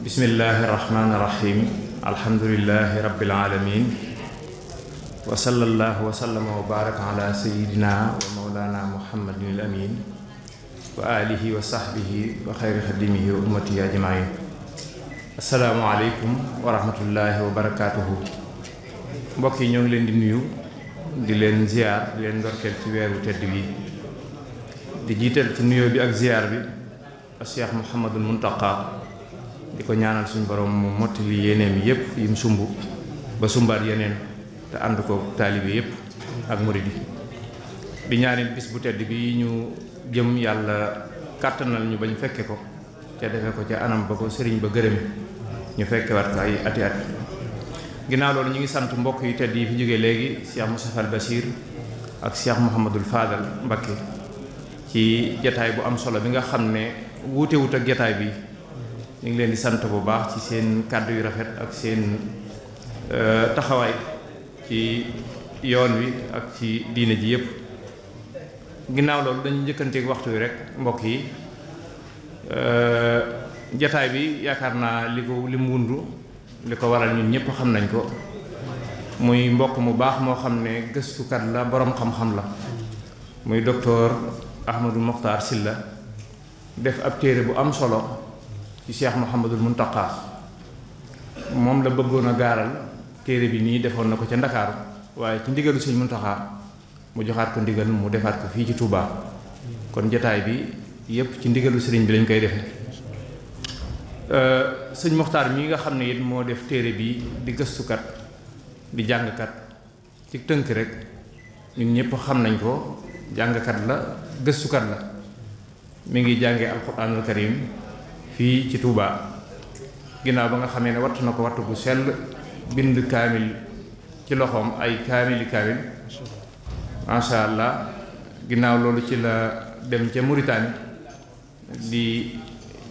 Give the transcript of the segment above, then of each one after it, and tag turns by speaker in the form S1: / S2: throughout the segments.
S1: bismillahi irrahmani irrahim alhamdulilahi rabilalamin wa sallallahu wa sallama wa baraka ala sayidina wa maulana muhammadin al amin wa alihi wa sahbihi wa xayri xadimihi wa ummatihi ajmain asalaamu aleykum wa rahmatullahi wa barakatuhu mbokk yi ñoo ngi leen di nuyu di leen ziar di leen ndorkeel ci weeru tedd bi di jiital ci nuyoo bi ak ziar bi Cheikh Mouhamadul Muntaqa di ko ñaanal suñu borom mu mottali yéeneem yëpp mu sumb ba sumbaat yeneen te ànd ko taalibe yëpp ak murid yi di ñaanit bis bu tedd bi ñu jëm yàlla kàttanal ñu bañ fekke ko ca defe ko ca anam ba ko sëriñ ba gërëmi ñu fekke wat ko ay ati at ginnaaw loolu ñu ngi sant mbokk yu tedd yi fi jóge léegi Cheikh Moustapha Bachir ak Cheikh Mouhamadul Fadal Mbacké ci jataay bu am solo bi nga xam ne wuute wut ak jataay bi ñu ngi leen di sant bu baax ci seen kàddu yu rafet ak seen euh, taxawaay ci yoon wi ak ci diine ji yëpp ginnaaw loolu dañu njëkkanteeg waxtu wi rek mbokk yi euh, jataay bi yaakaar naa li ko li mu wundu li ko waral ñun ñëpp xam nañ ko muy mbokk mu baax moo xam ne gëstukat la boroom xam-xam la muy docteur Ahmadou Mokhtar Sylla def ab téere bu am solo ci Cheikh Mouhamadul Muntaqa moom la bëggoon a gaaral téere bi nii defoon na ko ca Ndakaaru waaye ci ndigalu sëñ Muntaxa mu joxaat ko ndigal mu defaat ko fii ci Touba kon jataay bi yépp ci ndigalu sëriñ bi lañ koy defee euh, sëñ Moxtaar mi nga xam ne it moo def téere bi di gëstukat di jàngkat ci tënk rek ñun ñëpp xam nañ ko jàngkat la gëstukat la mu ngi jàngee alxuraanul karim fii ci tuubaa ginnaaw ba nga xamee ne wattu na ko wattu bu sell bind kaamil ci loxoom ay kaamili kaamil macha allah ginnaaw loolu ci la dem ca Mauritanie di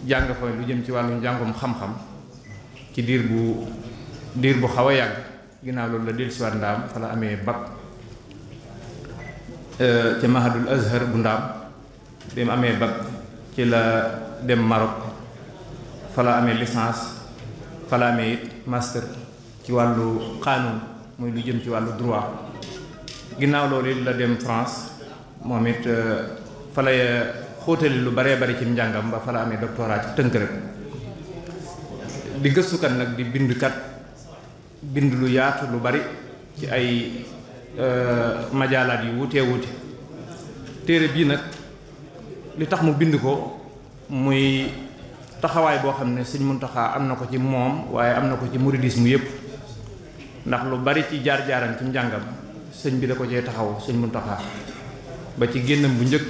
S1: jàng lu jëm ci wàllum jàngum xam ci diir bu diir bu xaw a yàgg ginnaaw loolu la dellusiwaat ndaam fa amee bac euh, ca mahadul azhar bu ndaam dem amee bac ci la dem Maroc fa la amee licence fa la amee it master ci wàllu xaanuun mooy lu jëm ci wàllu droit ginnaaw loolu la dem France moom it euh, fa la euh, xóotali lu baree bari ci njàngam ba fa la amee doctorat ci tënk rek di gëstukat nag di bindkat bind lu yaatu lu bari ci ay euh, majaalaat yu wutee wuute téere bii nag li tax mu bind ko muy taxawaay boo xam ne sëñ Muntaxa am na ko ci moom waaye am na ko ci muridisme yëpp ndax lu bari ci jaar-jaaram ci njàngam sëñ bi da ko cee taxaw sëñ Muntaxa ba ci génnam bu njëkk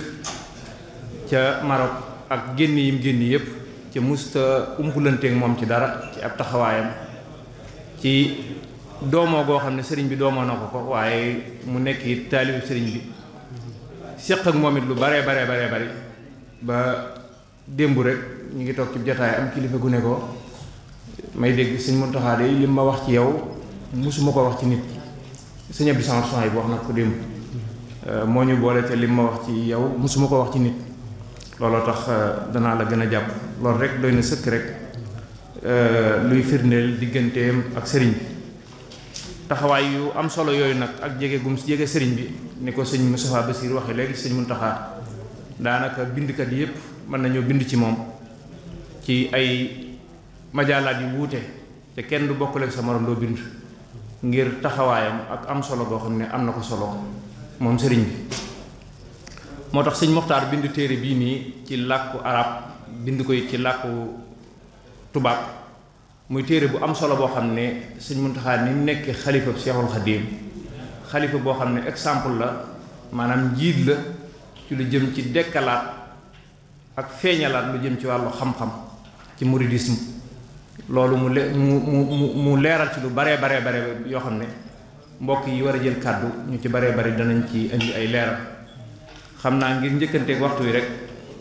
S1: ca Maroc ak génn yim génn yépp ca musta umpulanteeg moom ci dara ci ab taxawaayam ci doomoo goo xam ne sëriñ bi doomoo na ko ko waaye mu nekk it taalibu sëriñ bi séq ak moom it lu baree baree baree bari ba démb rek ñu ngi toog ci jotaay am kilifa gu ne ko may dégg sëñ Muntaxa de lim ma wax ci yow musuma koo wax ci nit sëñ Abdou Samad Sohaïbou wax na ko démb euh, moo ñu boole te lim ma wax ci yow musuma koo wax ci nit looloo tax euh, danaa la gën a jàpp loolu rek doy na sëkk rek euh, luy firndeel digganteem ak sëriñ bi taxawaay yu am solo yooyu nag ak jege gum jege sëriñ bi ni ko sëñ Moustapha Bassir waxee léegi sëñ Muntaxa daanaka bindkat yëpp mën nañoo bind ci moom ci ay majaalaat yi wuute te kenn du bokkaleeg sa morom doo bind ngir taxawaayam ak am solo boo xam ne am na ko solo moom sëriñ bi moo tax sëñ Moxtaar bind téere bii nii ci làkku arab bind ko ci làkku tubaab muy téere bu am solo boo xam ne sëñ Muntaxaa ni nekk xalifa Seexul Xadiim xalifa boo xam ne exemple la maanaam njiit la ci lu jëm ci dekkalaat ak feeñalaat lu jëm ci wàllu xam-xam ci mouridisme loolu mu le mu mu mu leeral ci lu baree baree bare yoo xam ne mbokk yi war a jël kàddu ñu ci baree bari danañ ci indi ay leeral xam naa ngir njëkkanteeg waxtu wi rek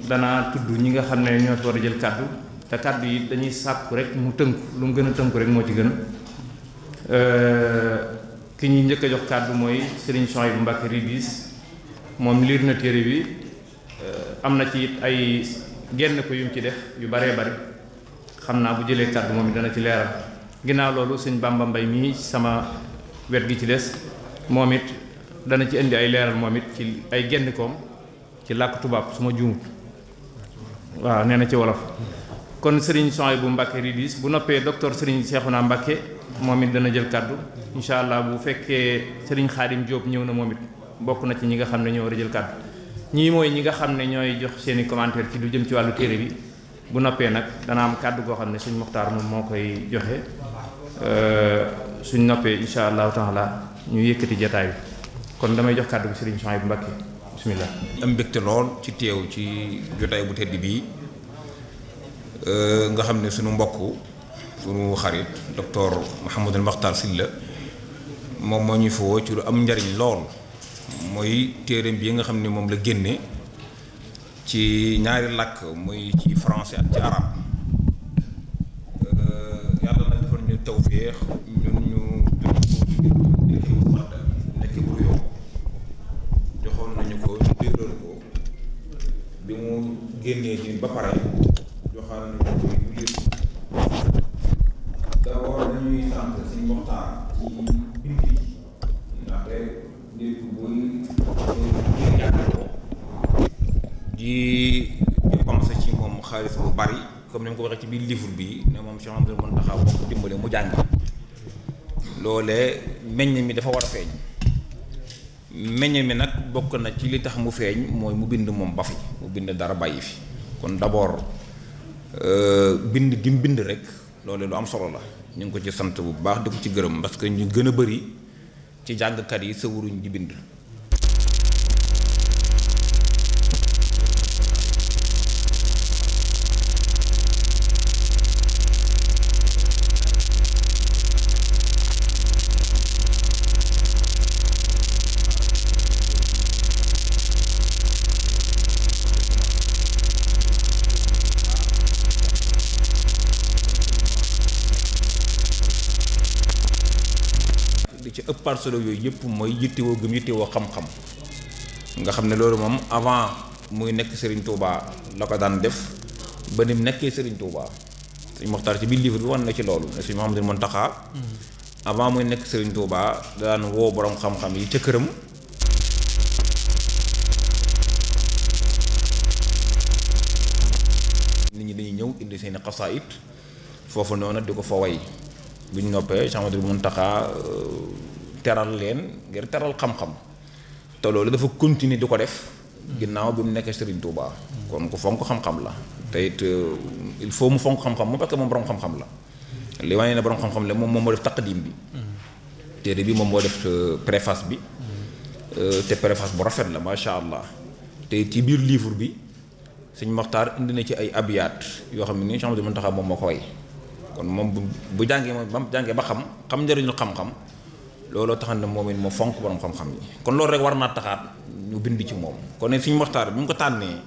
S1: danaa tudd ñi nga xam ne ñoo ci war a jël kàddu te kàddu yi dañuy sàkku rek mu tënku lu mu gën a tënku rek moo ci gën ki ñuy njëkk a jox kàddu mooy sëriñ Serigne Souhaïbou Mbacké Ribis moom liir na téere bi am na ci it ay genn ko yu mu ci def yu baree bari xam naa bu jëlee kàddu moom dana ci leeral ginnaaw loolu sëñ Bamba Mbay mii sama wet gi ci des moom it dana ci indi ay leeral moom it ci ay genn koom ci làkk tubaab su ma juumut waaw nee na ci wolof kon sëriñ Sohaybu Mbàkke Ridis bu noppee docteur sëriñ naa Mbàkke moom it dana jël kàddu incha allah bu fekkee sëriñ Xaadim Jóob ñëw na moom it bokk na ci ñi nga xam ne ñoo war a jël kàddu ñii mooy ñi nga xam ne ñooy jox seeni commentaire ci lu jëm ci wàllu téere bi bu noppee nag dana am kàddu goo xam ne suñ muxtaar moom moo koy joxe euh, suñ noppee insha allahu taala ñu yëkkati jataay bi
S2: kon damay jox kàddu gi sëriñ Sohaybu Mbàkke bismillah am mbégte lool ci teew ci jotaay bu tedd bii euh, nga xam ne suñu mbokk suñu xarit docteur Mouhamadul Makhtar Sylla moom moo ñuy foo ci lu am njariñ lool mooy téereem bii nga xam ne moom la génne ci ñaari làkk muy ci français ak ci arabe euh, yàlla na defal ñu tawféex ñun ñu nekki bu fàdd nekki bu yoo joxoon nañu ko ñu dégloon ko bi mu génnee ji ba pare joxaan nañu ko ñu yëpp d'abord dañuy sant suñu waxtaan dafa bari comme ni ma ko waxee ci biir livre bi ne moom Cheikh Amadou Mountakha moo ko dimbale mu jàng loolee meññ mi dafa war a feeñ meññ mi nag bokk na ci li tax mu feeñ mooy mu bind moom ba fi mu bind dara bàyyi fi kon d'abord euh, bind gi bind rek loole lu am solo la ñu ngi ko ci sant bu baax di ko ci gërëm parce que ñu gën a bari ci jàngkat yi sawuruñ di bind ëpp par solo yooyu yëpp mooy yittewoo gëm yittewoo xam-xam nga xam ne loolu moom avant muy nekk sëriñ Touba la ko daan def ba ni mu nekkee Serigne Touba Serigne Mokhtar ci biir livre bi wan na ci loolu ne Serigne Mouhamadou Mountakha avant muy nekk Serigne Touba daan woo borom xam-xam yi ca këram. nit ñi dañuy ñëw indi seen i xasaayit foofu noonu di ko fa way bu ñu noppee Cheikh Mouhamadou Mountakha. Euh, teral leen ngir teral xam-xam te loolu dafa continuer du ko def ginnaaw bi mu nekk Serigne Touba. kon ko fonk xam-xam la te it euh, il faut mu fonk xam-xam moom parce que la li wane ne borom xam la moom moom moo def bi téere bi moom moo def euh, préface bi euh, te préface bu rafet la macha allah te ci biir livre bi sëñ Moxtaar indi na ci ay abiyaat yoo xam ne ni Cheikh Ahmadou ko way kon moom bu jàngee moom ba jàngee ba xam xam njëriñu xam-xam looloo taxan ne moom it mu fonk borom xam-xam yi kon loolu rek war naa taxaat ñu bind ci moom kon ne ñu Moxtaar bi ñu ko tànnee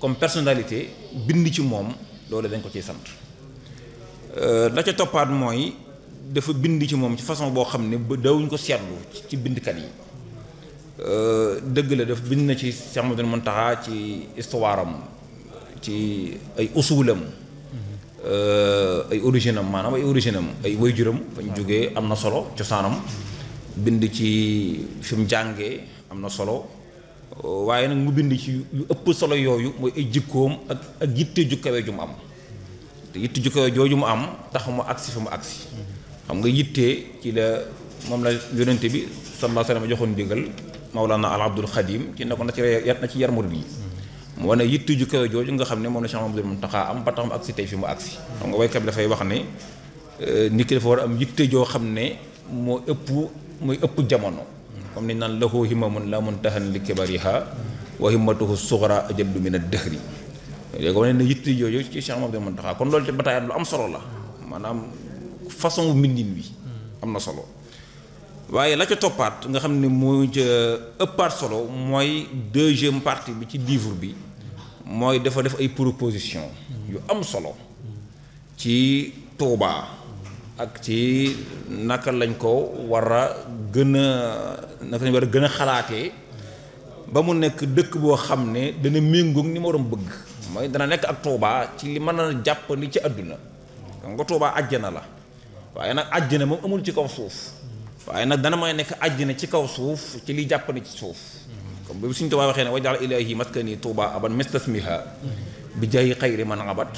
S2: comme personnalité bind ci moom loolu dañ ko ciy sant euh, la ca toppaat mooy dafa bind ci moom ci façon boo xam ne dawuñ ko seetlu ci bind bindkat yi euh, dëgg la daf bind na ci Cheikh Mouhamadoul taxaa ci histoire am ci ay usulam Euh, ay origine maanaam ay origine am ay waajuram fa ñu jógee am na solo cosaanam bind ci fi mu am na solo waaye nag mu bind ci yu ëpp solo yooyu mooy ay jikkoom ak ak yitte ju kawe ju mu am te yitte ju jooju mu am tax mu agsi fi mu agsi xam nga yitte ci la moom la yonente bi sallallahu a wa sallam joxoon ndigal Mawlana al Abdul Xadim ci ne ko na ci yar na ci yar murid mu wane yittu ju kawe nga xam ne moom la Cheikh Mamadou am ba tax mu agsi tey fi mu agsi euh, ki dafa am yitte joo xam ne moo ëpp mooy ëpp jamono comme ni naan lahu himamun la muntahan li kibariha wa himmatuhu sughra ajallu min ad-dahri léegi wane na yitte jooju ci Cheikh Mamadou Mountakha kon loolu ci bataayaat lu am solo la maanaam façon mbindin wi am na solo waaye la ca toppaat nga xam ne moo ca ëppaat solo mooy deuxième partie bi ci livre bi mooy dafa def ay proposition yu am solo ci Tuubaa ak ci naka lañ ko war a gën a naka lañ war a gën a xalaatee ba mu nekk dëkk boo xam ne dana méngoog ni ma bëgg mooy dana nekk ak Tuubaa ci li mën a jàpp ci àdduna xam nga Tuubaa àjjana la waaye nag àjjana moom amul ci kaw suuf waaye nag dana may nekk àjjana ci kaw suuf ci li jàpp ni ci suuf comme bu suñu tubaab waxee ne wajal ilaahi maskani tuuba bi jayi xayri man abat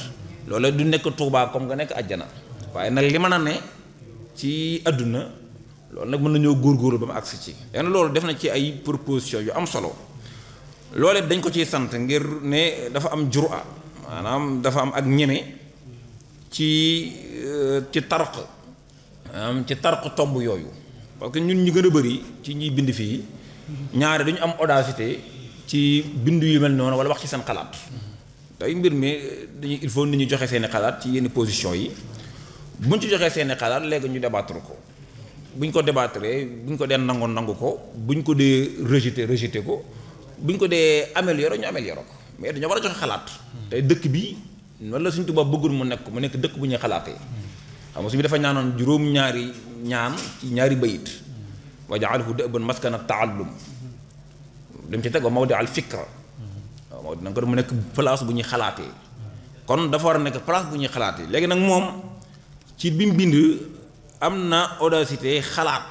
S2: loolu du nekk tuuba comme nga nekk àjjana waaye nag li mën a ne ci àdduna loolu nag mën nañoo góorgóorlu ba mu agsi ci len loolu def na ci ay proposition yu am solo loolee dañ ko ciy sant ngir ne dafa am jura maanaam dafa am ak ñeme ci euh, ci tarq maanaam tomb yooyu parce ñun ñu gën a bëri ci ñuy bind fii ñaare duñu am audacité ci bindu yu mel noonu wala wax ci seen xalaat tey mbir mi dañu il faut nit ñu joxe seeni xalaat ci yenn position yi buñ ci joxee seeni xalaat léegi ñu débattre ko buñ ko débattre buñ ko dee nangu nangu ko buñ ko dee rejeter rejeter ko buñ ko dee améliorer ñu améliorer ko mais dañoo war a joxe xalaat tey dëkk bi noonu la suñ tubaab bëggul mu nekk mu nekk dëkk bu ñuy xalaatee xam nga su dafa ñaanoon juróom ñaari ñaan ñaari bayit wajaalhu dëban maskana taallum lim ci teg wa mawdi al fikra waaw mawdi nanga ko mu nekk place bu ñuy xalaatee kon dafa war a nekk place bu ñuy xalaatee léegi nag moom ci bi bind am na audacité xalaat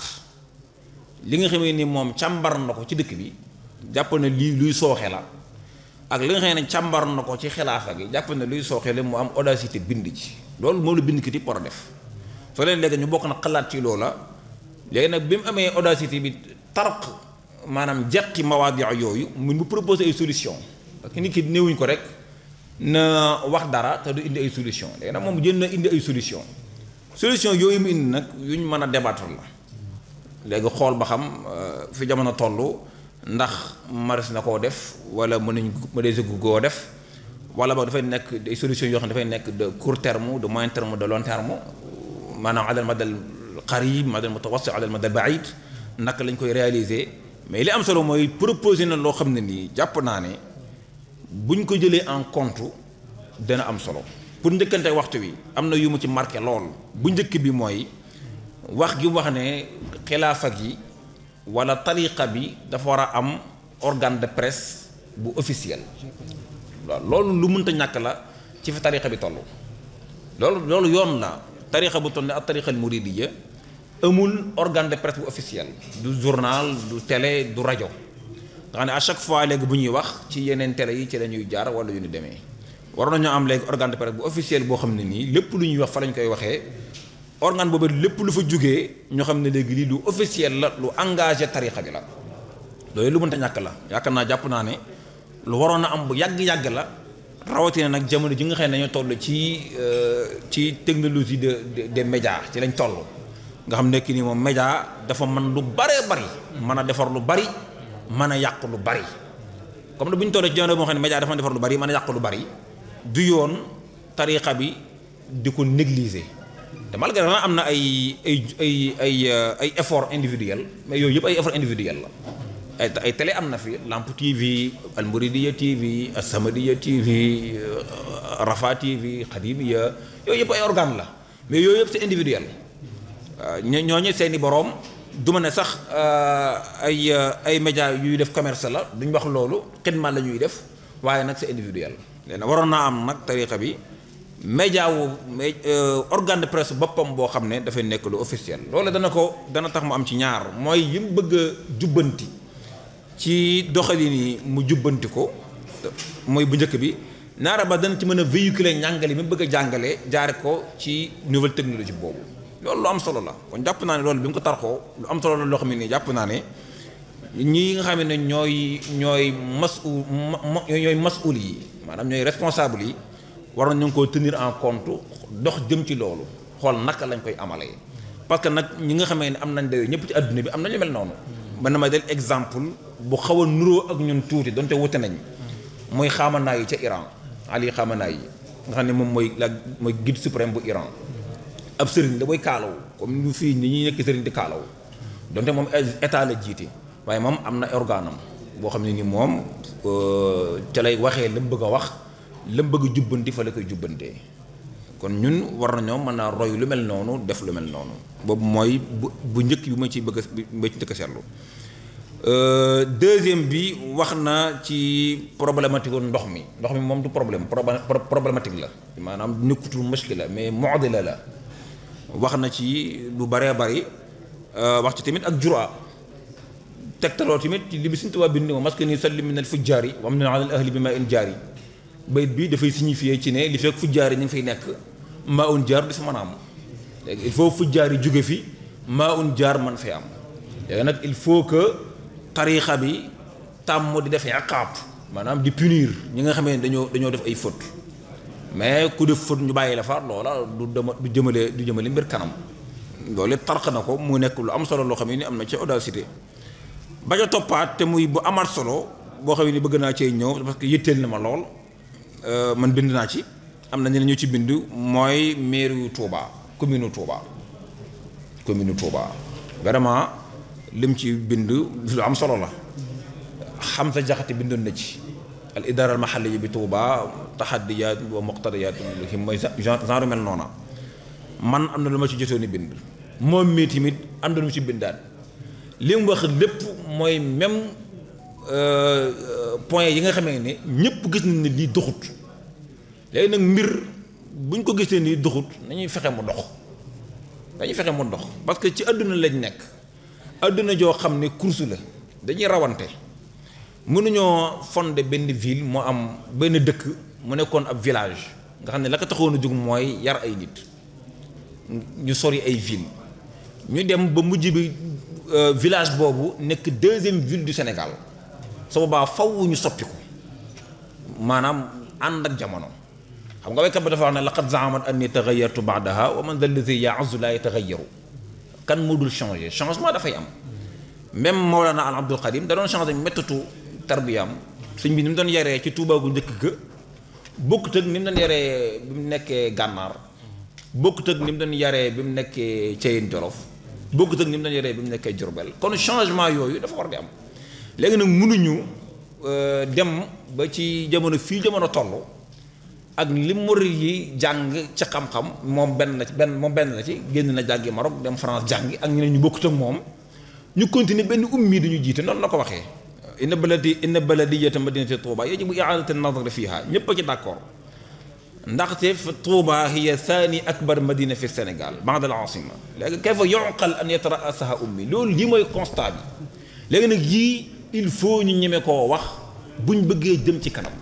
S2: li nga xamee ni moom càmbar na ko ci dëkk bi jàpp ne lii luy sooxe la ak li nga xam ne càmbar na ko ci xilaafa gi jàpp ne luy sooxee la mu am audacité bind ci loolu moom la bind ki di por def soo leen léegi ñu bokk na xalaat ci loola léegi nag bi mu amee audacité bi tarq maanaam jeqi mawaadi yooyu mu mu proposé ay solution parce que nit ki néewuñ ko rek na wax dara te du indi ay solution léegi nag moom jën na indi ay solution solution yooyu mu indi nag yu ñu mën a débattre la léegi xool ba xam euh, fi jamono toll ndax maris na koo def wala mënuñ mënees ko koo def wala boog dafay nekk des solution yoo xam dafay nekk de court terme de moyen terme de long terme maanaam adal madal qarib mad al mutawassit ala al mad al baid naka lañ koy réaliser mais li am solo mooy proposer na loo xam ne nii jàpp naa ne bu buñ ko jëlee en compte dana am solo pour njëkkante waxtu wi am na yu mu ci marqué lool bu njëkk bi mooy wax gi wax ne xilaafa gi wala tariqa bi dafa war a am organe de presse bu officiel waaw loolu lu mënta ñàkk la ci fi tariqa bi toll loolu loolu yoon la tariqa bu toll ne ak tariqa al muridiyya amul organe de presse bu officiel du journal du télé du rajo nga xam ne à chaque fois léegi bu ñuy wax ci yeneen télé yi ci la ñuy jaar wala yu ñu demee war nañoo am léegi organe de presse bu officiel boo xam ne nii lépp lu ñuy wax fa lañ koy waxee organe boobu lépp lu fa jógee ñoo xam ne léegi lii lu officiel la lu engagé tarixa bi la looy lu mënta ñàkk la yaakaar naa jàpp naa ne lu waroon a am bu yàgg-yàgg la rawatina nag jamono ji nga xam ne dañoo toll ci euh, ci technologie de des médias ci lañ toll nga xam nekk nii moom média dafa man lu baree bari mën a defar lu bari mën a yàq lu bari comme ne bu ñu tollee ci boo xam ne média dafa mën defar lu bari lu bari du yoon tariqa bi di ko négliger te malgré dana am na ay ay ay ay euh, ay effort individuel mais yooyu yëpp ay effort individuel la ay ay am na fi Lamp TV Al Mouridiya TV As-Samadiya TV euh, Rafa TV Khadimiya yooyu yëpp ay organe la mais yooyu yëpp c'est individuel ñooñu seen seeni boroom du ma ne sax euh, ay euh, ay média yuy def commerce la duñ wax loolu xidma la ñuy def waaye nag c'est individuel. léegi waroon naa am nag tariqa bi média wu euh, organe de presse boppam boo xam ne dafay nekk lu officiel loolu dana ko dana tax mu am ci ñaar mooy yi mu bëgg jubbanti ci doxalin yi mu jubbanti ko mooy bu njëkk bi. naara ba dana ci mën a véhiculer njàngale mi bëgg a jàngale jaare ko ci nouvelle technologie boobu loolu lu am solo la kon jàpp naa ne loolu bi nga ko tarxoo lu am solo la loo xam ne nii jàpp naa ne ñi nga xam ne ñooy ñooy masul ñooy yi maanaam ñooy responsable yi war na nañu ko tenir en compte dox jëm ci loolu xool naka lañ koy amale parce que nag ñi nga xamee ne am nañ dayoo ñëpp ci àdduna bi am nañu mel noonu. mën mm. na ma del exemple bu xaw a nuroo ak ñun tuuti donte wute nañ mooy mm. Khamenei yi ca Iran Ali Khamenei yi nga xam ne moom mooy la mooy guide suprême bu Iran. Mm. ab sëriñ da booy kaalaw comme ñu fii ni ñuy nekk sëriñ di kaalaw donte moom état la jiite waaye moom am na organe boo xam ne nii moom euh, ca lay waxee lam bëgg a wax lam bëgg a jubbanti fa la koy jubbantee kon ñun war nañoo mën naa roy lu mel noonu def lu mel noonu boobu mooy bu njëkk bi ma ci bëgg a ma ci njëkk a seetlu euh, bi wax na ci problématique ndox mi ndox mi moom du problème problématique la maanaam nekkutul muskila mais moodila la wax na ci lu baree bari euh, wax ci tamit ak juraa taloo tamit li bi Sëriñ Tuubaa bind ma maske ni salli min al fujjaari wa am na ala al ahli bi ma un jaar yi bayit bi dafay signifier ci ne li fekk fujjaar ñu ngi fay nekk maa jaar du fi mën a am léegi il faut fujjaar yi jóge fi maa jaar man fay am nag il faut que tariixa bi tàmm di defee def iqaab maanaam di punir ñi nga xamee ne dañoo dañoo def ay fautes mais ku def faute ñu bàyyi la fa loola du dama du jëmale du jëmale mbir kanam loolu tarq na ko mu nekk lu am solo loo xam ne am na ci audacité ba ca toppaat te muy bu amaat solo boo xam ne bëgg naa cee ñëw parce que yitteel na ma lool euh, man bind naa ci am na ñeneen ñu ci bind mooy maire yu Touba commune u commune u Touba vraiment lim ci bind lu am solo la xam sa jaxate bindoon na ci. al idara al mahalli bi Touba taxaddiyaat wa muqtadiyaatul him mooy genre mel noona man am na lu ma ci jotoon bind moom mii tamit am na lu mu ci bindaat li mu wax lépp mooy même euh, point yi nga xamee ni ñëpp gis nañ ne lii doxut léegi nag mbir buñ ko gisee nii doxut nañuy fexe mu dox dañuy fexe mu ndox parce que ci àdduna lañ nekk àdduna joo xam ne course la dañuy rawante mënuñoo fondé benn ville moo am benn dëkk mu nekkoon ab village nga xam ne la ko taxoon a jóg mooy yar ay nit ñu sori ay ville ñu dem ba mujj bi euh, village boobu nekk deuxième ville du Sénégal su boobaa faw ñu soppi ko maanaam ànd ak jamono xam nga waykat ba dafa wax ne laqad zaamat anni taxayartu baadaha wa man dallazi yaazu laa yataxayaru kan moo dul changé changement dafay am même Mawlana al Abdul Qadim da doon changé méttitu tarbiyaam sëñ bi ni mu doon yaree ci Tuubaa bu njëkk ga bokkut ak ni mu doon yaree bi mu nekkee gànnaar bokkut ak ni mu doon yaree bi mu nekkee Ceyin Jolof bokkut ak ni mu doon bi mu nekkee Jurbel kon changement yooyu dafa war di am léegi nag mënuñu euh, dem ba ci jamono fii jamono toll ak li murid yi jàng ci xam-xam moom benn na ci benn moom benn na ci génn na jàngi Maroc dem France jàngi ak ñeneen ñu bokkut ak moom ñu continuer benn ummi dañu jiite noonu la ko waxee inna baladi inna baladiyata madinati tuuba yajibu iaadati nadar fiha ñëpp a ci d' accord ndaxte tuuba hiya thani akbar madina fi sénégal baada al asima léegi kayfa yuqal an yataraasaha ummi loolu lii mooy constat léegi nag yii il faut ñu ñeme koo wax bu ñu bëggee jëm ci kanam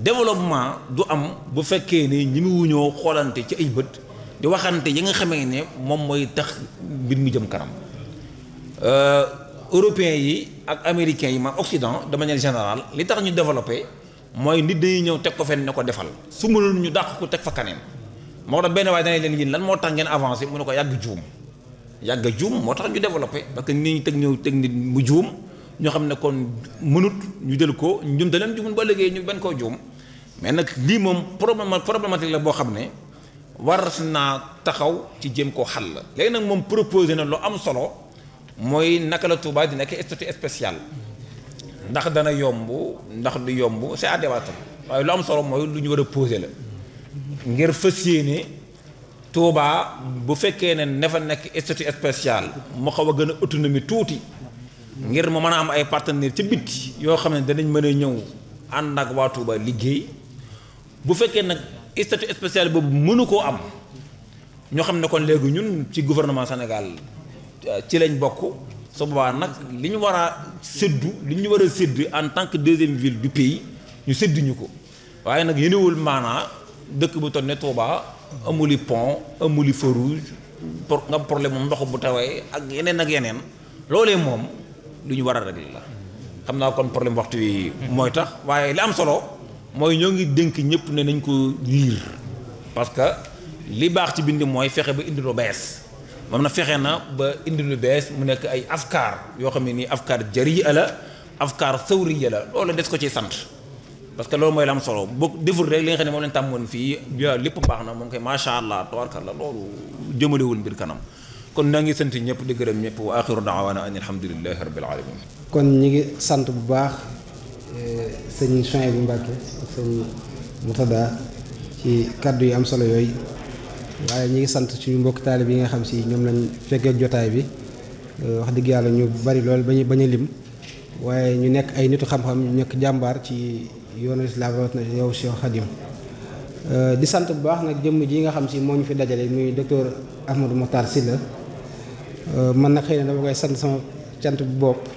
S2: développement du am bu fekkee ni ñi xoolante ci ay bët di waxante yi nga xamee ne moom mooy tax mbir mu jëm kanam euh, européens yi ak américains yi man Occident de manière générale li tax ñu développé mooy nit dañuy ñëw teg ko fenn ne ko defal su mënul ñu dàq ko teg fa kaneen moo tax benn waaye danañ leen yéen lan moo tax ngeen avancé mu ne ko yàgg juum yàgg juum moo tax ñu développé parce que nit ñu teg ñëw teg nit mu juum ñoo xam ne kon mënut ñu jël ko ñun da leen juumul ba léegi ñu benn koo juum mais nag lii moom problème problématique la boo xam ne war naa taxaw ci jéem koo xàll léegi nag moom proposé na lu am solo. mooy naka la Touba di nekk statut spécial ndax dana yomb ndax du yomb c'est à débattre waaye lu am solo mooy lu ñu war a posé la ngir fas yéene Touba bu fekkee ne ne fa nekk statut spécial mu xaw a gën a autonomie tuuti ngir mu mën a am ay partenaires ci biti yoo xam ne danañ mën a ñëw ànd ak waa Touba liggéey bu fekkee nag statut spécial boobu mënu koo am ñoo xam ne kon léegi ñun ci gouvernement Sénégal ci lañ bokk su boobaa nag li ñu war a séddu li ñu war a en tant que deuxième ville du pays ñu sédduñu ko waaye nag yenewul maanaa dëkk bu toll ne amul amuli pont amul feu rouge pour nga problème moom ndox bu tawee ak yeneen ak yeneen loolee moom lu ñu war a régler la xam naa kon problème waxtu yi mooy tax waaye li am solo mooy ñoo ngi dénk ñëpp ne nañ ko liir parce que li baax ci bind mooy fexe ba indi lu bees moom na fexe na ba indi lu bees mu nekk ay afkaar yoo xam ne nii afkaar jariya la afkaar sawriya la loolu des ko ci sant parce que loolu mooy la am solo boo deful rek li nga xam ne moom lañ tàmmoon fii waaw lépp baax na moom koy macha allah tabarkalla loolu jëmalewul mbir kanam kon naa ngi sant ñëpp di gërëm ñëpp wa axiru daawaana an alhamdulilahi rabbil alamin
S3: kon ñi ngi sant bu baax eh, sëñ Chouaïbou Mbacke ak sëñ Moutada ci kàddu yi am solo yooyu waaye ñu ngi sant suñu mbokk taalib yi nga xam si ñoom lañ fekkee jotaay bi euh, wax dëgg yàlla ñu bari lool bañu bañ a lim waaye ñu nekk ay nitu xam-xam ñu nekk jàmbaar ci yoonu islaam rawat na yow Cheikh Khadim euh, di sant bu baax nag jëmm ji nga xam si moo ñu fi dajale muy docteur Ahmadou Mokhtar Sylla euh, mën nag xëy na dama koy sant sama cant bu bopp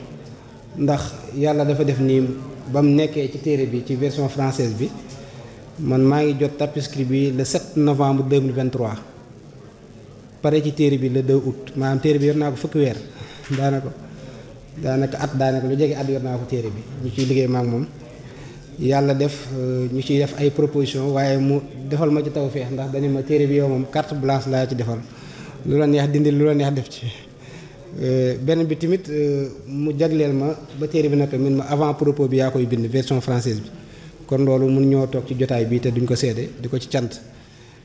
S3: ndax yàlla dafa def nii ba nekkee ci téere bi ci version française bi man maa ngi jot tapiscri bi le 7 novembre 2023 pare ci téere bi le 2 août maanaam téere bi yor naa ko fukki weer daanaka daanaka at daanaka lu jege at yor naa ko téere bi ñu ciy liggéey maak moom yàlla def euh, ñu ciy def ay proposition waaye mu defal ma ci taw feex ndax dañu ma téere bi yow moom carte blanche laa ci defal lu la neex dindi lu la neex def ci euh, benn bi tamit euh, mu jagleel ma ba téere bi nag min ma avant propos bi yaa koy bind version française bi kon loolu mun ñoo toog ci jotaay bi te duñ ko seede di ko ci cant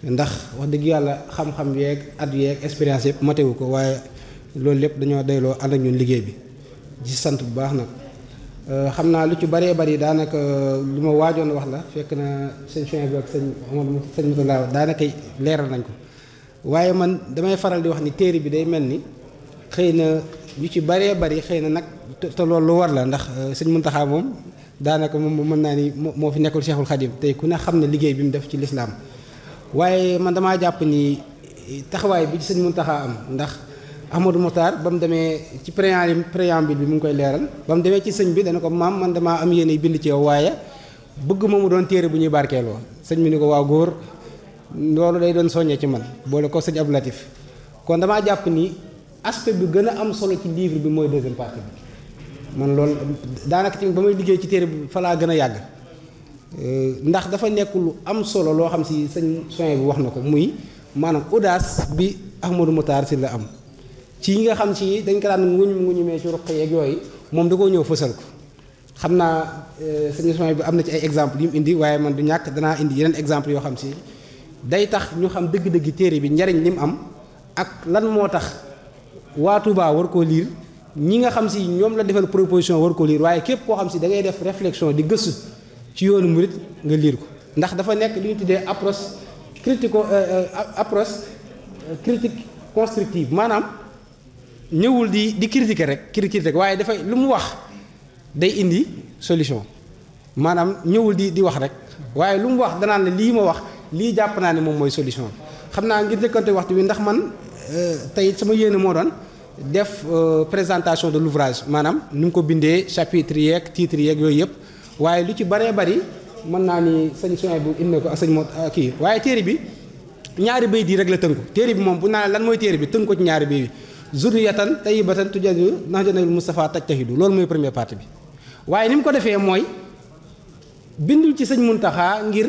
S3: ndax wax dëgg yàlla xam-xam yeeg at yeeg expérience yëpp matewu ko waaye loolu lépp dañoo dayloo ànd ak ñun liggéey bi ci sant bu baax nag euh, xam naa lu ci bëree bëri daanaka euh, lu ma waajoon wax la fekk na sëñ Cheikh bi ak sëñ Amadou sëñ Moussa daanaka leeral nañ ko waaye man damay faral di wax ni téere bi day mel ni xëy na lu ci bëree bëri xëy na nag te loolu lu war la ndax euh, sëñ Mountakha moom daanaka moom mën naa ni moo fi nekkul Cheikhul Khadim tey ku ne xam ne liggéey bi mu def ci lislaam waaye man damaa jàpp ni taxawaay bi ci sëñ Muntaxa am ndax Ahmadou Mokhtar ba mu demee ci préambule bi mu ngi koy leeral ba mu demee ci sëñ bi dana ko maam man damaa am yéene bind ci yow waaye bëgg ma mu doon téere bu ñuy barkeeloo sëñ bi ni ko waa góor loolu day doon soññee ci man boole ko sëñ Abdou Latif kon damaa jàpp ni aspect bi gën a am solo ci livre bi mooy deuxième partie bi man loolu daanaka tamit ba may liggéey ci téere bi fa laa gën a yàgg eh, ndax dafa nekk lu am solo loo xam si sëñ soin bi wax na ko muy maanaam audace bi Ahmadou Makhtar si la am ci yi nga xam si dañ ko daan nguñu nguñumee ci ruq yeeg yooyu moom da koo ñëw fësal ko xam naa eh, sëñ soin bi am na ci ay exemple yu mu indi waaye man du ñàkk danaa indi yeneen exemple yoo xam si day tax ñu xam dëgg-dëgg téere bi njariñ li mu am ak lan moo tax waatu Touba war koo liir ñi nga xam si ñoom la defal proposition war ko liir waaye képp koo xam si da ngay def réflexion di gësu ci yoonu murit nga liir ko ndax dafa nekk lu ñu tuddee approche critico euh, euh, approche euh, critique constructive maanaam ñëwul di di critiquer rek critiquer waaye dafay lu mu wax day indi solution maanaam ñëwul di di wax rek waaye lu mu wax danaan la lii ma wax lii jàpp naa ne moom mooy solution xam naa ngir njëkkante waxtu wi ndax man tey sama yéene moo doon def euh, présentation de l'ouvrage maanaam nu ngi ko bindee chapitre yeeg titre yeeg yooyu yëpp waaye lu ci baree bari mën naa ni sëñ Souhaïbou bu indi ko ak sëñ mo euh, kii waaye téere bi ñaari bay di rek la tënku téere bi moom bu naa lan mooy téere bi tënk ko ci ñaari bay bi zurriyatan tayyibatan tujadilu nahjanal Mustafa tajtahidu loolu mooy première partie bi waaye ni mu ko defee mooy bindul ci sëñ Muntaxa ngir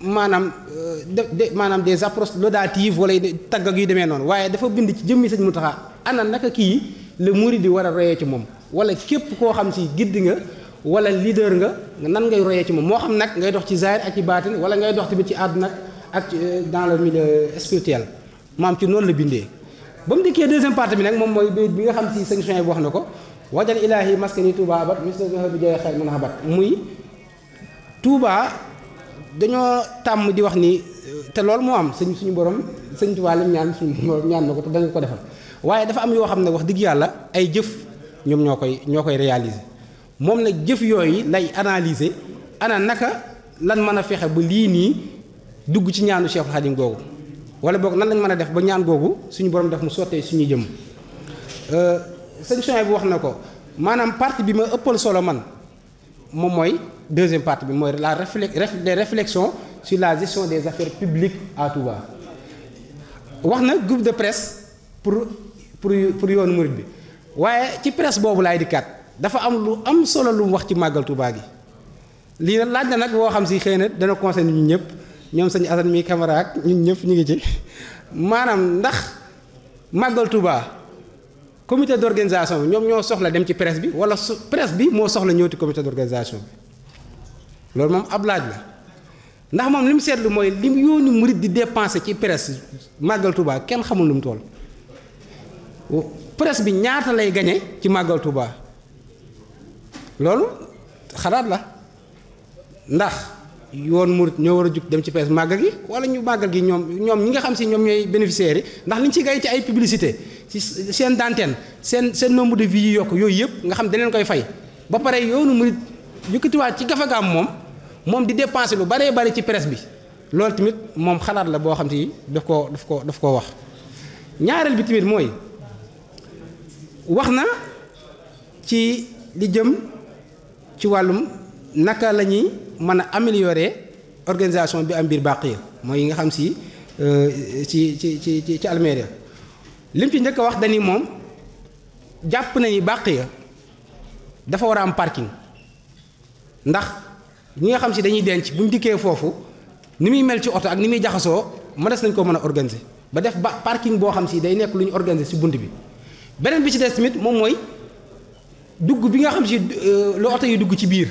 S3: maanaam euh, de maanaam des approches laudatives wala tagg ak demee noonu waaye dafa bind ci jëmmi sëñ Muntaxa ana naka kii la murid di war a royee ci moom wala képp koo xam si giddi nga wala leader nga nga nan ngay royee ci moom moo xam nag ngay dox ci zaahir ak ci baatin wala ngay dox tamit ci àdduna ak euh, dans le milieu spirituel maam ci noonu la bindee ba mu dikkee deuxième bi nag moom mooy bi nga xam si sëñ Soin bi wax na ko wajal ilaahi maskani Touba abat monsieur bi jaay xel a abat muy Touba dañoo tàmm di wax ni euh, te loolu moo am sëñ suñu borom sëñ Touba lim ñaan suñu borom ñaan na ko te dañ ko defal waaye dafa am yoo xam ne wax dëgg yàlla ay jëf ñoom ñoo koy ñoo koy réaliser moom nag jëf yooyu lay analyser ana naka lan mën a fexe ba lii nii dugg ci ñaanu Cheikhul Khadim googu wala boog nan lañ mën a def ba ñaan googu suñu borom def mu sottee suñu jëm euh, sëñ Sonia bi wax na ko maanaam partie bi ma ëppal solo man moom mooy deuxième partie bi mooy la réfle les réflexions sur la gestion des affaires publiques à Touba wax na groupe de presse pour. pour pour yoonu murit bi waaye ci presse boobu laay dikkaat dafa am lu am solo lu mu wax ci màggal tubaa gi lii laaj na nag boo xam si xëy na dana concerné ñun ñëpp ñoom sañ Assane mi caméra ak ñun ñëpp ñu ngi ci maanaam ndax màggal Tuubaa comité d'organisation bi ñoom ñoo soxla dem ci presse bi wala su presse bi moo soxla ñëw ci comité d'organisation bi loolu moom ab laaj la ndax moom li mu seetlu mooy li mu yoonu murit di dépenser ci presse màggal Tuubaa kenn xamul lu mu toll. presse bi ñaata lay gañe ci màggal Touba loolu xalaat la ndax yoon murit ñoo war a jug dem ci presse màgg gi wala ñu màggal gi ñoom ñoom ñi nga xam si ñoom ñooy bénéficiaires yi ndax liñ ci gañe ci ay publicité ci seen d'antenne seen seen nombre de vues yi yokk yooyu yëpp nga xam dañ leen koy fay ba pare yoonu murit yëkkatiwaat ci gafagaam moom moom di dépenser lu baree bari ci presse bi loolu tamit moom xalaat la boo xam si daf ko daf ko daf koo wax ñaareel bi mooy. wax na ci li jëm ci wàllum naka la ñuy mën a améliorer organisation bi am mbir biir yi mooy yi nga xam si euh, ci ci ci ci Almeria lim ci njëkk a wax dani moom jàpp na ni Bàqiya dafa war a am parking ndax ñi nga xam si dañuy denc bu ñu dikkee foofu ni muy mel ci oto ak ni muy jaxasoo mënees nañ ko mën a organiser ba def ba parking boo xam si day nekk lu ñu organiser ci bunt bi. beneen bi ci des tamit moom mooy dugg bi nga xam si euh, lu oto yi dugg ci biir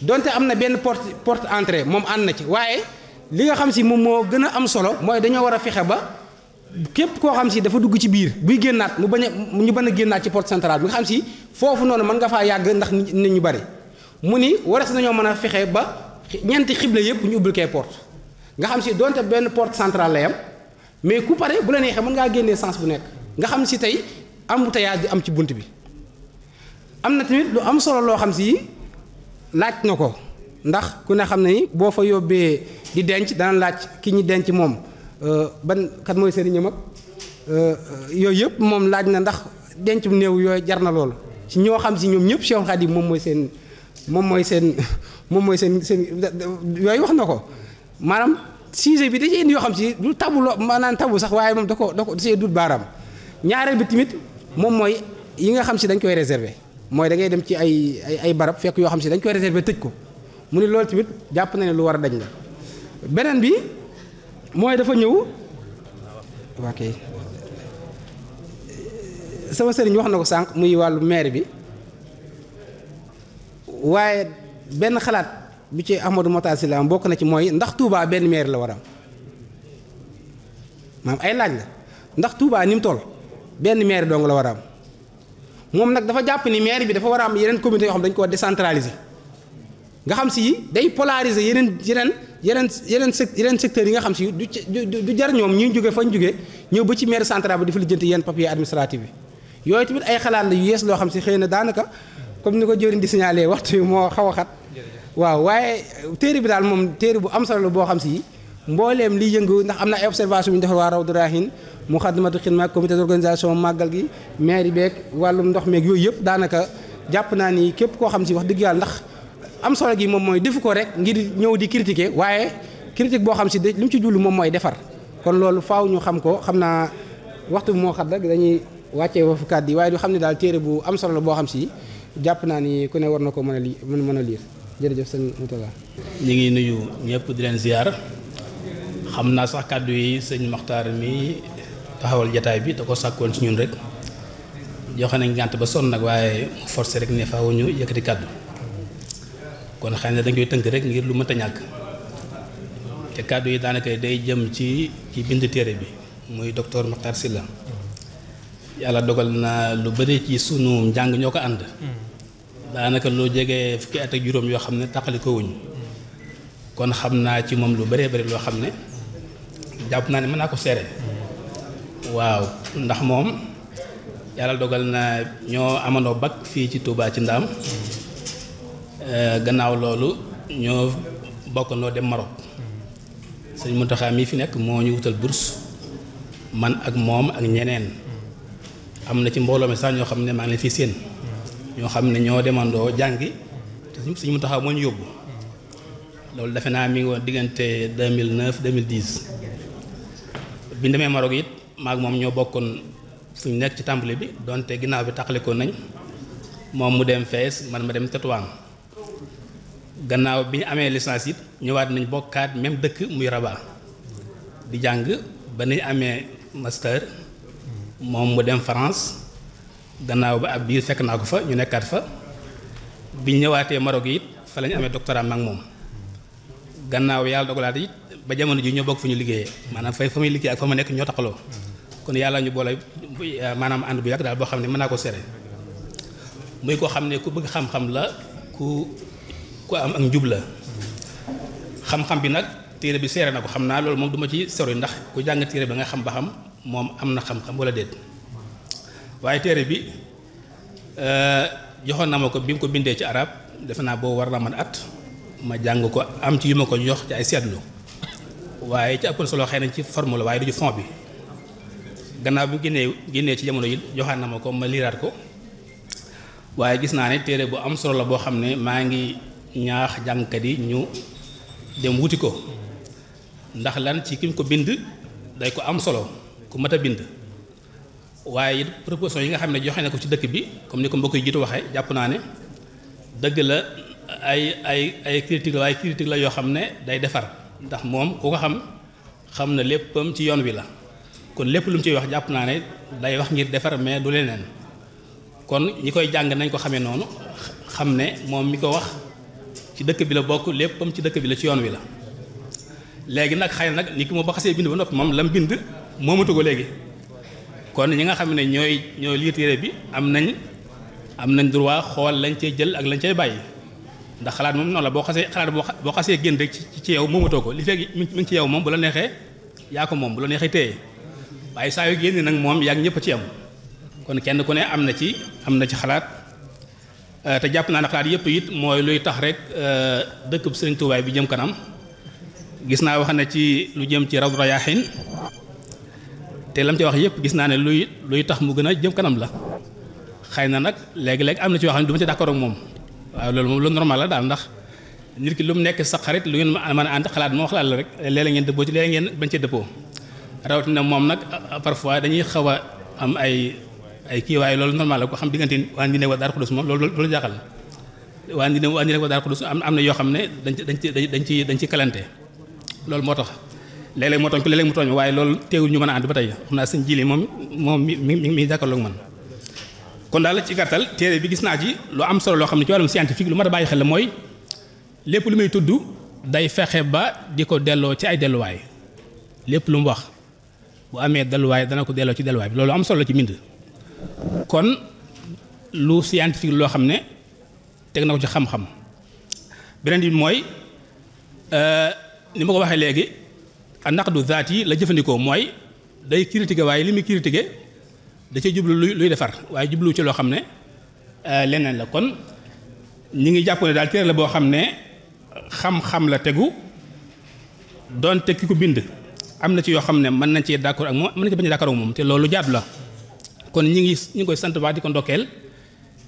S3: donte am na benn porte porte entrée moom ànd na ci waaye li nga xam si moom moo gën a am solo mooy dañoo war a fexe ba képp koo xam si dafa dugg ci biir buy génnaat mu bañ a ñu bañ a génnaat ci porte centrale bi nga xam si foofu noonu mën nga faa yàgg ndax nit ñu bari mu ni waras nañoo mën a fexe ba ñeenti xible yëpp ñu ubbil kee porte nga xam si donte benn porte centrale la yam mais ku pare bu la neexee mën ngaa génnee sens bu nekk nga xam si tey am embouteillage du am ci bunt bi am na tamit lu am solo loo xam si laaj na ko ndax ku ne xam ne ni boo fa yóbbee di denc dana laaj ki ñi denc moom euh, ban kat mooy sëriñam ak euh, yooyu yëpp moom laaj na ndax denc néew yooyu jar na loolu ci ñoo xam si ñoom ñëpp Cheikh Khadim moom mooy seen moom mooy seen moom mooy seen yooyu wax na ko maanaam sujet bi da ci yoo xam si lu tabu loo maanaam tabu sax waaye moom da ko da ko da see dut baaraam ñaareel bi tamit moom mooy yi nga xam si dañ koy réserver mooy da ngay dem ci ay ay ay barab fekk yoo xam si dañ koy réserver tëj ko mu ne lool tamit jàpp na lu war a dañ la beneen bi mooy dafa ñëw waa kay sama wax na ko sànq muy wàllu maire bi waaye benn xalaat bi ci Ahmadou Makhtar Sylla am bokk na ci mooy ndax Touba benn maire la war a am ay laaj la ndax Touba ni mu toll. benn maire dong la war a am moom nag dafa jàpp ni maire bi dafa war a yeneen comité yoo xam dañ ko décentraliser nga xam si day polariser yeneen yeneen yeneen yeneen yeneen secteurs yi nga xam si du du jar ñoom ñuy jóge fañ jóge ñëw ba ci maire central bi dafa lijjanti yenn papier administratif bi yooyu tamit ay xalaat la yu yees loo xam si xëy na daanaka comme ni ko jëriñ di signalé waxtu moo xaw a xat waaw waaye téere bi daal moom téere bu am solo boo xam si mbooleem liy yëngu ndax am na ay observation bu ñu defal waa Rawdu Rayaahiin mu xaddamatu xidma comité d'organisation màggal gi maire beeg wàllum ndox meeg yooyu yëpp daanaka jàpp naa ni képp koo xam si wax dëgg yàlla am solo gi moom mooy defu ko rek ngir ñëw di critiquer waaye critique boo xam si de li mu ci jullu moom mooy defar kon loolu faw ñu xam ko xam naa waxtu bi moo xat rek dañuy wàccee foofu kàddu waaye du xam ne daal téere bu am solo boo xam si jàpp naa ni ku ne war na ko mën a li mën a liir jërëjëf sëñ Moutalla
S4: ñu ngi nuyu ñëpp di leen ziar xam naa sax kàddu yi sëñ Maxtaar mi taxawal jataay bi da ko sàkkoon ci ñun rek joxe nañ ngànt ba sonn nag waaye mu forcé rek ne faaw ñu yëkkati kàddu kon xëy na dañ tënk rek ngir lu mënta ñàkk te kàddu yi daanaka day jëm ci ci bind téere bi muy docteur Maxtaar Sylla yàlla dogal na lu bëri ci sunu njàng ñoo ko ànd daanaka lu jege juróom yoo xam ne taqali ko xam naa ci moom lu bare bëri loo xam ne jàpp naa ne mën naa ko seere waaw ndax moom yàlla dogal na ñoo amandoo bag fii ci Touba ci ndaam eh, gannaaw loolu ñoo bokkandoo dem Maroc sëñ Mountakha mii fi nekk moo ñu wutal bourse man ak moom ak ñeneen am na ci mbooloo mi sax ñoo xam ne maa ngi leen fi seen ñoo xam ne ñoo demandoo jàngi te sëñ Mountakha moo ñu yóbbu loolu defe naa mi ngi woon diggante 2009 2010 bi ñu demee Maroc it maag moom ñoo bokkoon fu ñu nekk ci tàmbali bi donte ginnaaw bi taxalikoo nañ moom mu dem fees man ma dem Tétouan gannaaw bi ñu amee licence it ñëwaat nañ bokkaat même dëkk muy Rabat di jàng ba ñu amee master moom mu dem France gannaaw ba ab biir fekk naa ko fa ñu nekkaat fa bi ñëwaatee Maroc it fa lañ amee doctorat maag moom gannaaw yàlla dogalaat it. ba jamono ji ñoo bokk fu ñu liggéeyee maanaam fay fa muy liggéey ak fa ma nekk ñoo taxaloo kon yàlla ñu boole euh, maanaam ànd bu yàgg daal boo xam ne mën naa ko sere muy koo xam ne ku bëgg xam-xam la ku ku am ak njub la xam-xam bi nag téere bi seere na ko xam naa loolu moom duma ci sori ndax ku jàng téere bi nga xam ba xam moom am na xam-xam wala déet waaye téere bi euh, joxoon na ma ko bi mu ko bindee ci arab def naa boo war na man at ma jàng ko am ci yu ma ko jox ay seetlu waaye ci ëpp solo xëy nañ ci formule waaye du ci fond bi gannaaw bi génnee génnee ci jamono yi joxaan na ma ko ma liiraat ko waaye gis naa ne téere bu am solo la boo xam ne maa ngi ñaax jàngkat yi ñu dem wuti ko ndax lan ci ki ko bind day ko am solo ku mat a bind waaye it proposition yi nga xam ne joxe na ko ci dëkk bi comme ni ko mbokk yi jiitu waxee jàpp naa ne dëgg la ay ay ay critique la waaye critique la yoo xam ne day defar ndax moom ku ko xam xam na léppam ci yoon wi la kon lépp lu mu ciy wax jàpp naa ne day wax ngir defar mais du leneen kon ñi koy jàng nañ ko xamee noonu xam ne moom mi ko wax ci dëkk bi la bokk léppam ci dëkk bi la ci yoon wi la léegi nag xëy nag nit ki moom ba xasee bind ba noppi moom lam bind moomatu ko léegi kon ñi nga xam ne ñooy ñooy lii téere bi am nañ am nañ droit xool lañ cey jël ak lañ cey bàyyi ndax xalaat moom noonu la boo xasee xalaat boo xasee génn rek ci yow moomatoo ko li fekk mi ci yow moom bu la neexee yaa ko moom bu la neexee téye waaye saa yu génn nag moom yaa ngi ñëpp ci am kon kenn ku ne am na ci am na ci xalaat euh, te jàpp naa ne xalaat yëpp it mooy luy tax rek dëkk bu Sëriñ bi jëm kanam gis naa wax na ci lu jëm ci Rawdu Rayaahiin te lam ci wax yëpp gis naa ne luy luy tax mu gën a jëm kanam la xëy na nag léegi-léegi am na ci yoo xam ne ci d'accord moom waaw loolu moom lu normal la daal ndax nit ki lu mu nekk sa xarit lu ngeen mën a ànd xalaat moo xalaat la rek léeg-léeg ngeen dëppoo ci léeg-léeg ngeen bañ cee dëppoo rawatina moom nag euh, parfois dañuy xaw a am ay ay kii waaye loolu normal la ko xam diggante waa Ndine wa Daaru Xudus moom loolu loolu jaaxal waa Ndine waa Ndine wa Daaru Xudus am na yoo xam ne dañ dañ ci dañ ci dañ ci kalante loolu moo tax léeg-léeg moo tooñ waaye loolu teewul ñu mën a ànd ba tey xam naa sëñ jili moom moom mi mi mi jàkkaarloog man kon daal la ci gàttal téere bi gis naa ci lu am solo loo xam ne ci wàllum scientifique lu mat a bàyyi xel la mooy lépp lu muy tudd day fexe ba di ko delloo ci ay delluwaay lépp lu mu wax bu amee delluwaay dana ko delloo ci delluwaay bi loolu am solo la ci mbind kon lu scientifique loo xam ne teg na ko ci xam-xam beneen bi mooy euh, ni ma ko waxee léegi du zaat yi la jëfandikoo mooy day critiqué waaye li muy critiqué da cay jublu luy luy defar waaye jublu ci loo xam ne euh, leneen la kon ñi ngi jàpp ne daal téere la boo xam ne xam-xam la tegu donte ki ko bind am na ci yoo xam ne mën nañ cee d'accord ak moom mën nañ ci bañ a moom te loolu jaadu la kon ñi ngi ñu koy sant baax di ko ndokkeel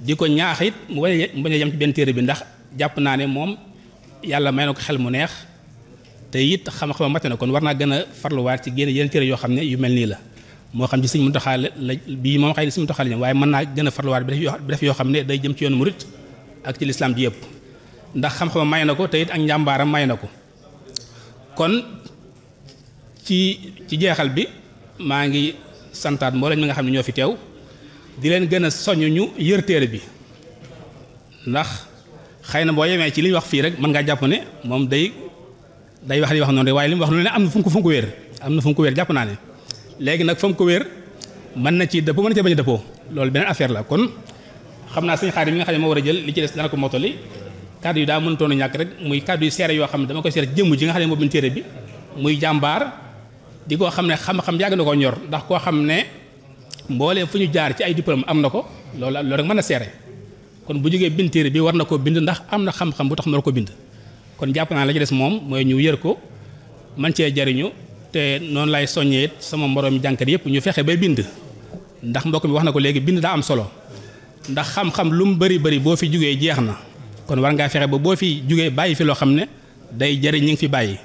S4: di ko ñaax it mu bañ a yem ci benn téere bi ndax jàpp naa ne moom yàlla may na ko xel mu neex te it xam-xam mate na kon war naa gën a farluwaat ci génn yeneen téere yoo xam ne yu mel nii la moo xam ci sëñ Muntaxa la bii moom xëy na sëñ Muntaxa la waaye mën naa gën a farluwaat bi def yoo xam ne day jëm ci yoonu murit ak ci lislaam ji yëpp ndax xam-xam may na ko te it ak njàmbaaram may na ko kon ci ci jeexal bi maa ngi santaat mboolem mi nga xam ne ñoo fi teew di leen gën a soññ ñu yër téere bi ndax xay na boo yemee ci liy wax fii rek mën ngaa jàpp ne moom day day wax li wax noonu rek waaye li mu wax noonu ne am na fu ko fu ko wér am na fu ko wér jàpp naa ne léegi nag fa mu ko wér mën na ci dëppoo mën na ci bañ a dëppoo loolu beneen affaire la kon xam naa sëñ xaar yi nga xam ne moo war a jël li ci des dana ko mottali kàddu yi daa mënutoon a ñàkk rek muy kàddu yu seere yoo xam ne dama koy seere jëmm ji nga xam ne moo muy jàmbaar di koo xam ne xam-xam na ko ñor ndax koo xam ne mboolee fu ñu jaar ci ay diplôme am na ko loolu loolu rek mën na seere kon bu jógee bind téere bi war na koo bind ndax am na xam-xam bu tax mën na ko bind kon jàpp naa la ci des moom mooy ñu yër ko man cee jariñu te noonu lay soññee sama moroom jànkat yëpp ñu fexe ba bind ndax mbokk mi wax na ko léegi bind daa am solo ndax xam-xam lu mu bari bari boo fi jógee jeex na kon war ngaa fexe ba boo fi jugee bàyyi fi loo xam ne day jëriñ ñi ngi fi bàyyi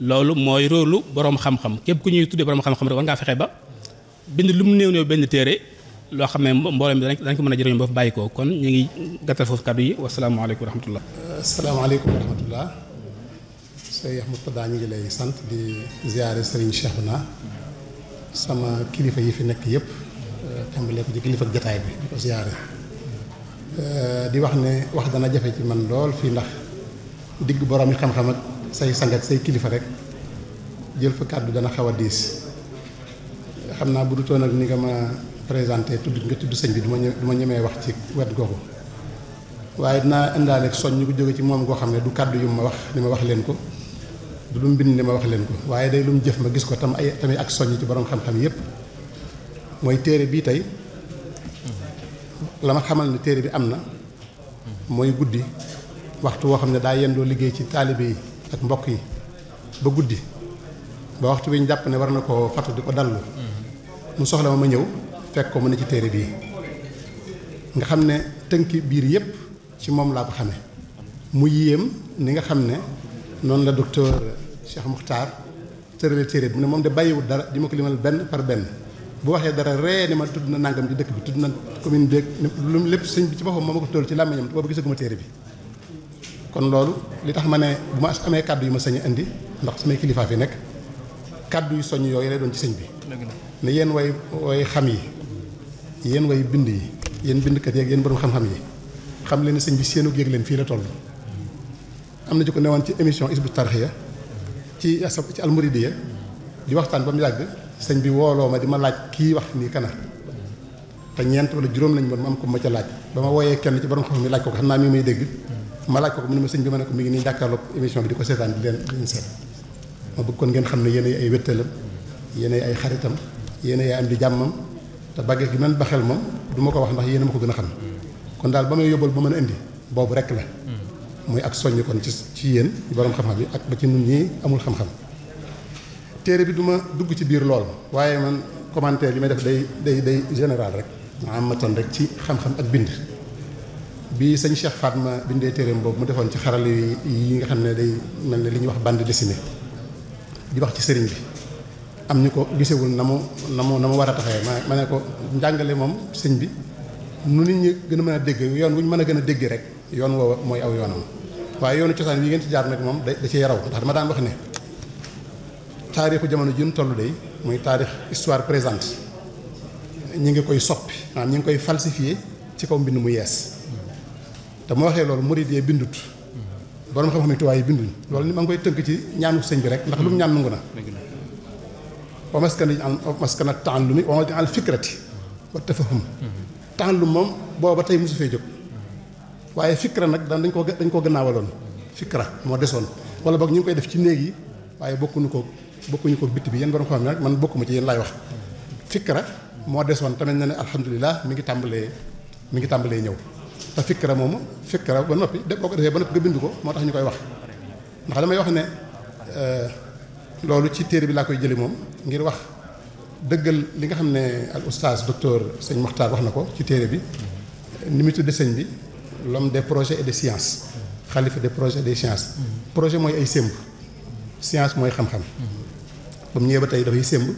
S4: loolu mooy róolu borom xam-xam ku ñuy tuddee borom xam-xam rek war ngaa fexe ba bind lu mu néew néew benn téere loo xam ne mbooloo mi dañ ko mën a jëriñoo ba fa bàyyi ko kon ñu ngi gàttal foofu kàddu yi wasalaamaaleykum
S5: wa rahmatullah asalaamaaleykum Seex Murtadaa ñu ngi lay sant di ziare Serigne Cheikhouna sama kilifa yi fi nekk yëpp euh, tàmbalee ko ci kilifa jataay bi di ko ziare euh, di wax ne wax dana jafe ci man lool fii ndax digg borom yi xam ak say sang say kilifa rek jël fa kàddu dana xaw a diis xam naa bu du dutoon nag ni nga ma présenté tudd nga tudd sëñ bi du ma du ma ñemee wax ci wet googu waaye dana dinaa indaale soññ bu jóge ci moom goo xam ne du kàddu yu ma wax li ma wax leen ko du lu mu bind ni ma wax leen ko waaye day lu mu jëf ma gis ko tam ay tamit ak soññ ci borom xam-xam yépp mooy téere bii tey la ma xamal ne téere bi am na mooy guddi waxtu woo xam ne daa yendoo liggéey ci taalibe yi ak mbokk yi ba guddi ba waxtu bi ñu jàpp ne war na koo fatu di ko dallu mu soxla ma ma ñëw fekk ko mu ne ci téere bii nga xam ne tënki biir yépp ci moom laa ko xamee mu yéem ni nga xam ne noonu la docteur Cheikh Muxtaar tërale téere bi mu ne moom de bàyyiwul dara di ma ko limal benn par benn bu waxee dara ree ni ma tudd na nangam ci dëkk bi tudd na commune beeg lu mu lépp sëñ bi ci boppam moo ma ko toll ci làmmiñam boobu gisaguma téere bi kon loolu li tax ma ne bu ma amee kàddu yu ma sañ a indi ndax samay kilifaa fi nekk kàddu yu soñ yooyu lay doon ci sëñ bi ne yéen way way xam yi yéen way bind yi yéen bindkat yeeg yéen borom xam-xam yi xam leen ne sëñ bi séenu géeg leen fii la toll am na ci ko newoon ci émission Hizbut ci asa ci almuridiya di waxtaan ba mu làgg sëñ bi wooloo ma di ma laaj kii wax nii kana te ñeent wala juróom lañ mën ma am ko ma ca laaj ba ma wooyee kenn ci borom xam mi laaj ko ko xam naa mi ngi ma ne ma sëñ bi ma ko ngi nii jàkkaarloog émission di ko seetaan di leen di leen ma kon ngeen xam ne yéenay ay wéttalam yéenay ay xaritam yéenay ay am di jàmmam te bàggee gi man baxel moom du ma ko wax ndax yéen ma ko gën a xam kon daal ba may yóbbal ba mën a indi boobu rek la muy ak soññ kon ci ci yéen borom xam-xam yi ak ba ci nun ñi amul xam-xam téere bi duma dugg ci biir lool waaye man commentaire bi may def day day day général rek ma am amatan rek ci xam-xam ak bind bi sëñ Cheikh Fatma bindee téere boobu mu defoon ci xarala yi yi nga xam ne day mel ne li ñuy wax band dessinée di wax ci sëriñ bi am ñu ko gisewul na mu na mu na mu war a taxawee ma ma ne ko njàngale moom sëñ bi nu nit ñi gën a mën a dégg yoon wu ñu mën a gën a dégg rek yoon woow mooy aw yoonam waaye yoonu cosaan yi ngeen ci jaar nag moom da ci yaraw ndax dama daan wax ne taarixu jamono jun toll day muy taarix histoire présente ñi ngi koy soppi maanaam ñi ngi koy falsifié ci kaw mbind mu yees te ma waxee loolu murid yee bindut borom xam-xam yi tuwaay yi binduñ loolu ni ma ngi koy tënk ci ñaanu sëñ bi rek ndax lu mu ñaan nangu na wa maskana maskana ta'allumi wa mawdi'al fikrati wa tafahum ta'allum moom booba tey mosu fee jóg waaye fikra nag daan dañ ko dañ ko gannaawaloon fikra moo desoon wala boog ñu ngi koy def ci néeg yi waaye bokkuñu ko bokkuñu ko bitti bi yéen borom xam nag man bokkuma ci yéen laay wax fikra moo desoon tamit na ne alhamdulilah mi ngi tàmbalee mi ngi tàmbalee ñëw te fikra moomu fikra ba noppi de boo ko defee ba noppi nga bind ko moo tax ñu koy wax ndax damay wax ne euh, loolu ci téere bi laa koy jële moom ngir wax dëggal li nga xam ne al oustaz docteur sëñ Maxtaar wax na ko ci téere bi ni mu tudde sëñ bi l'homme des projet et des sciences xalifa des projet et des sciences projet mooy ay sémb science mooy xam-xam ba ñëwee ba tey dafay sémb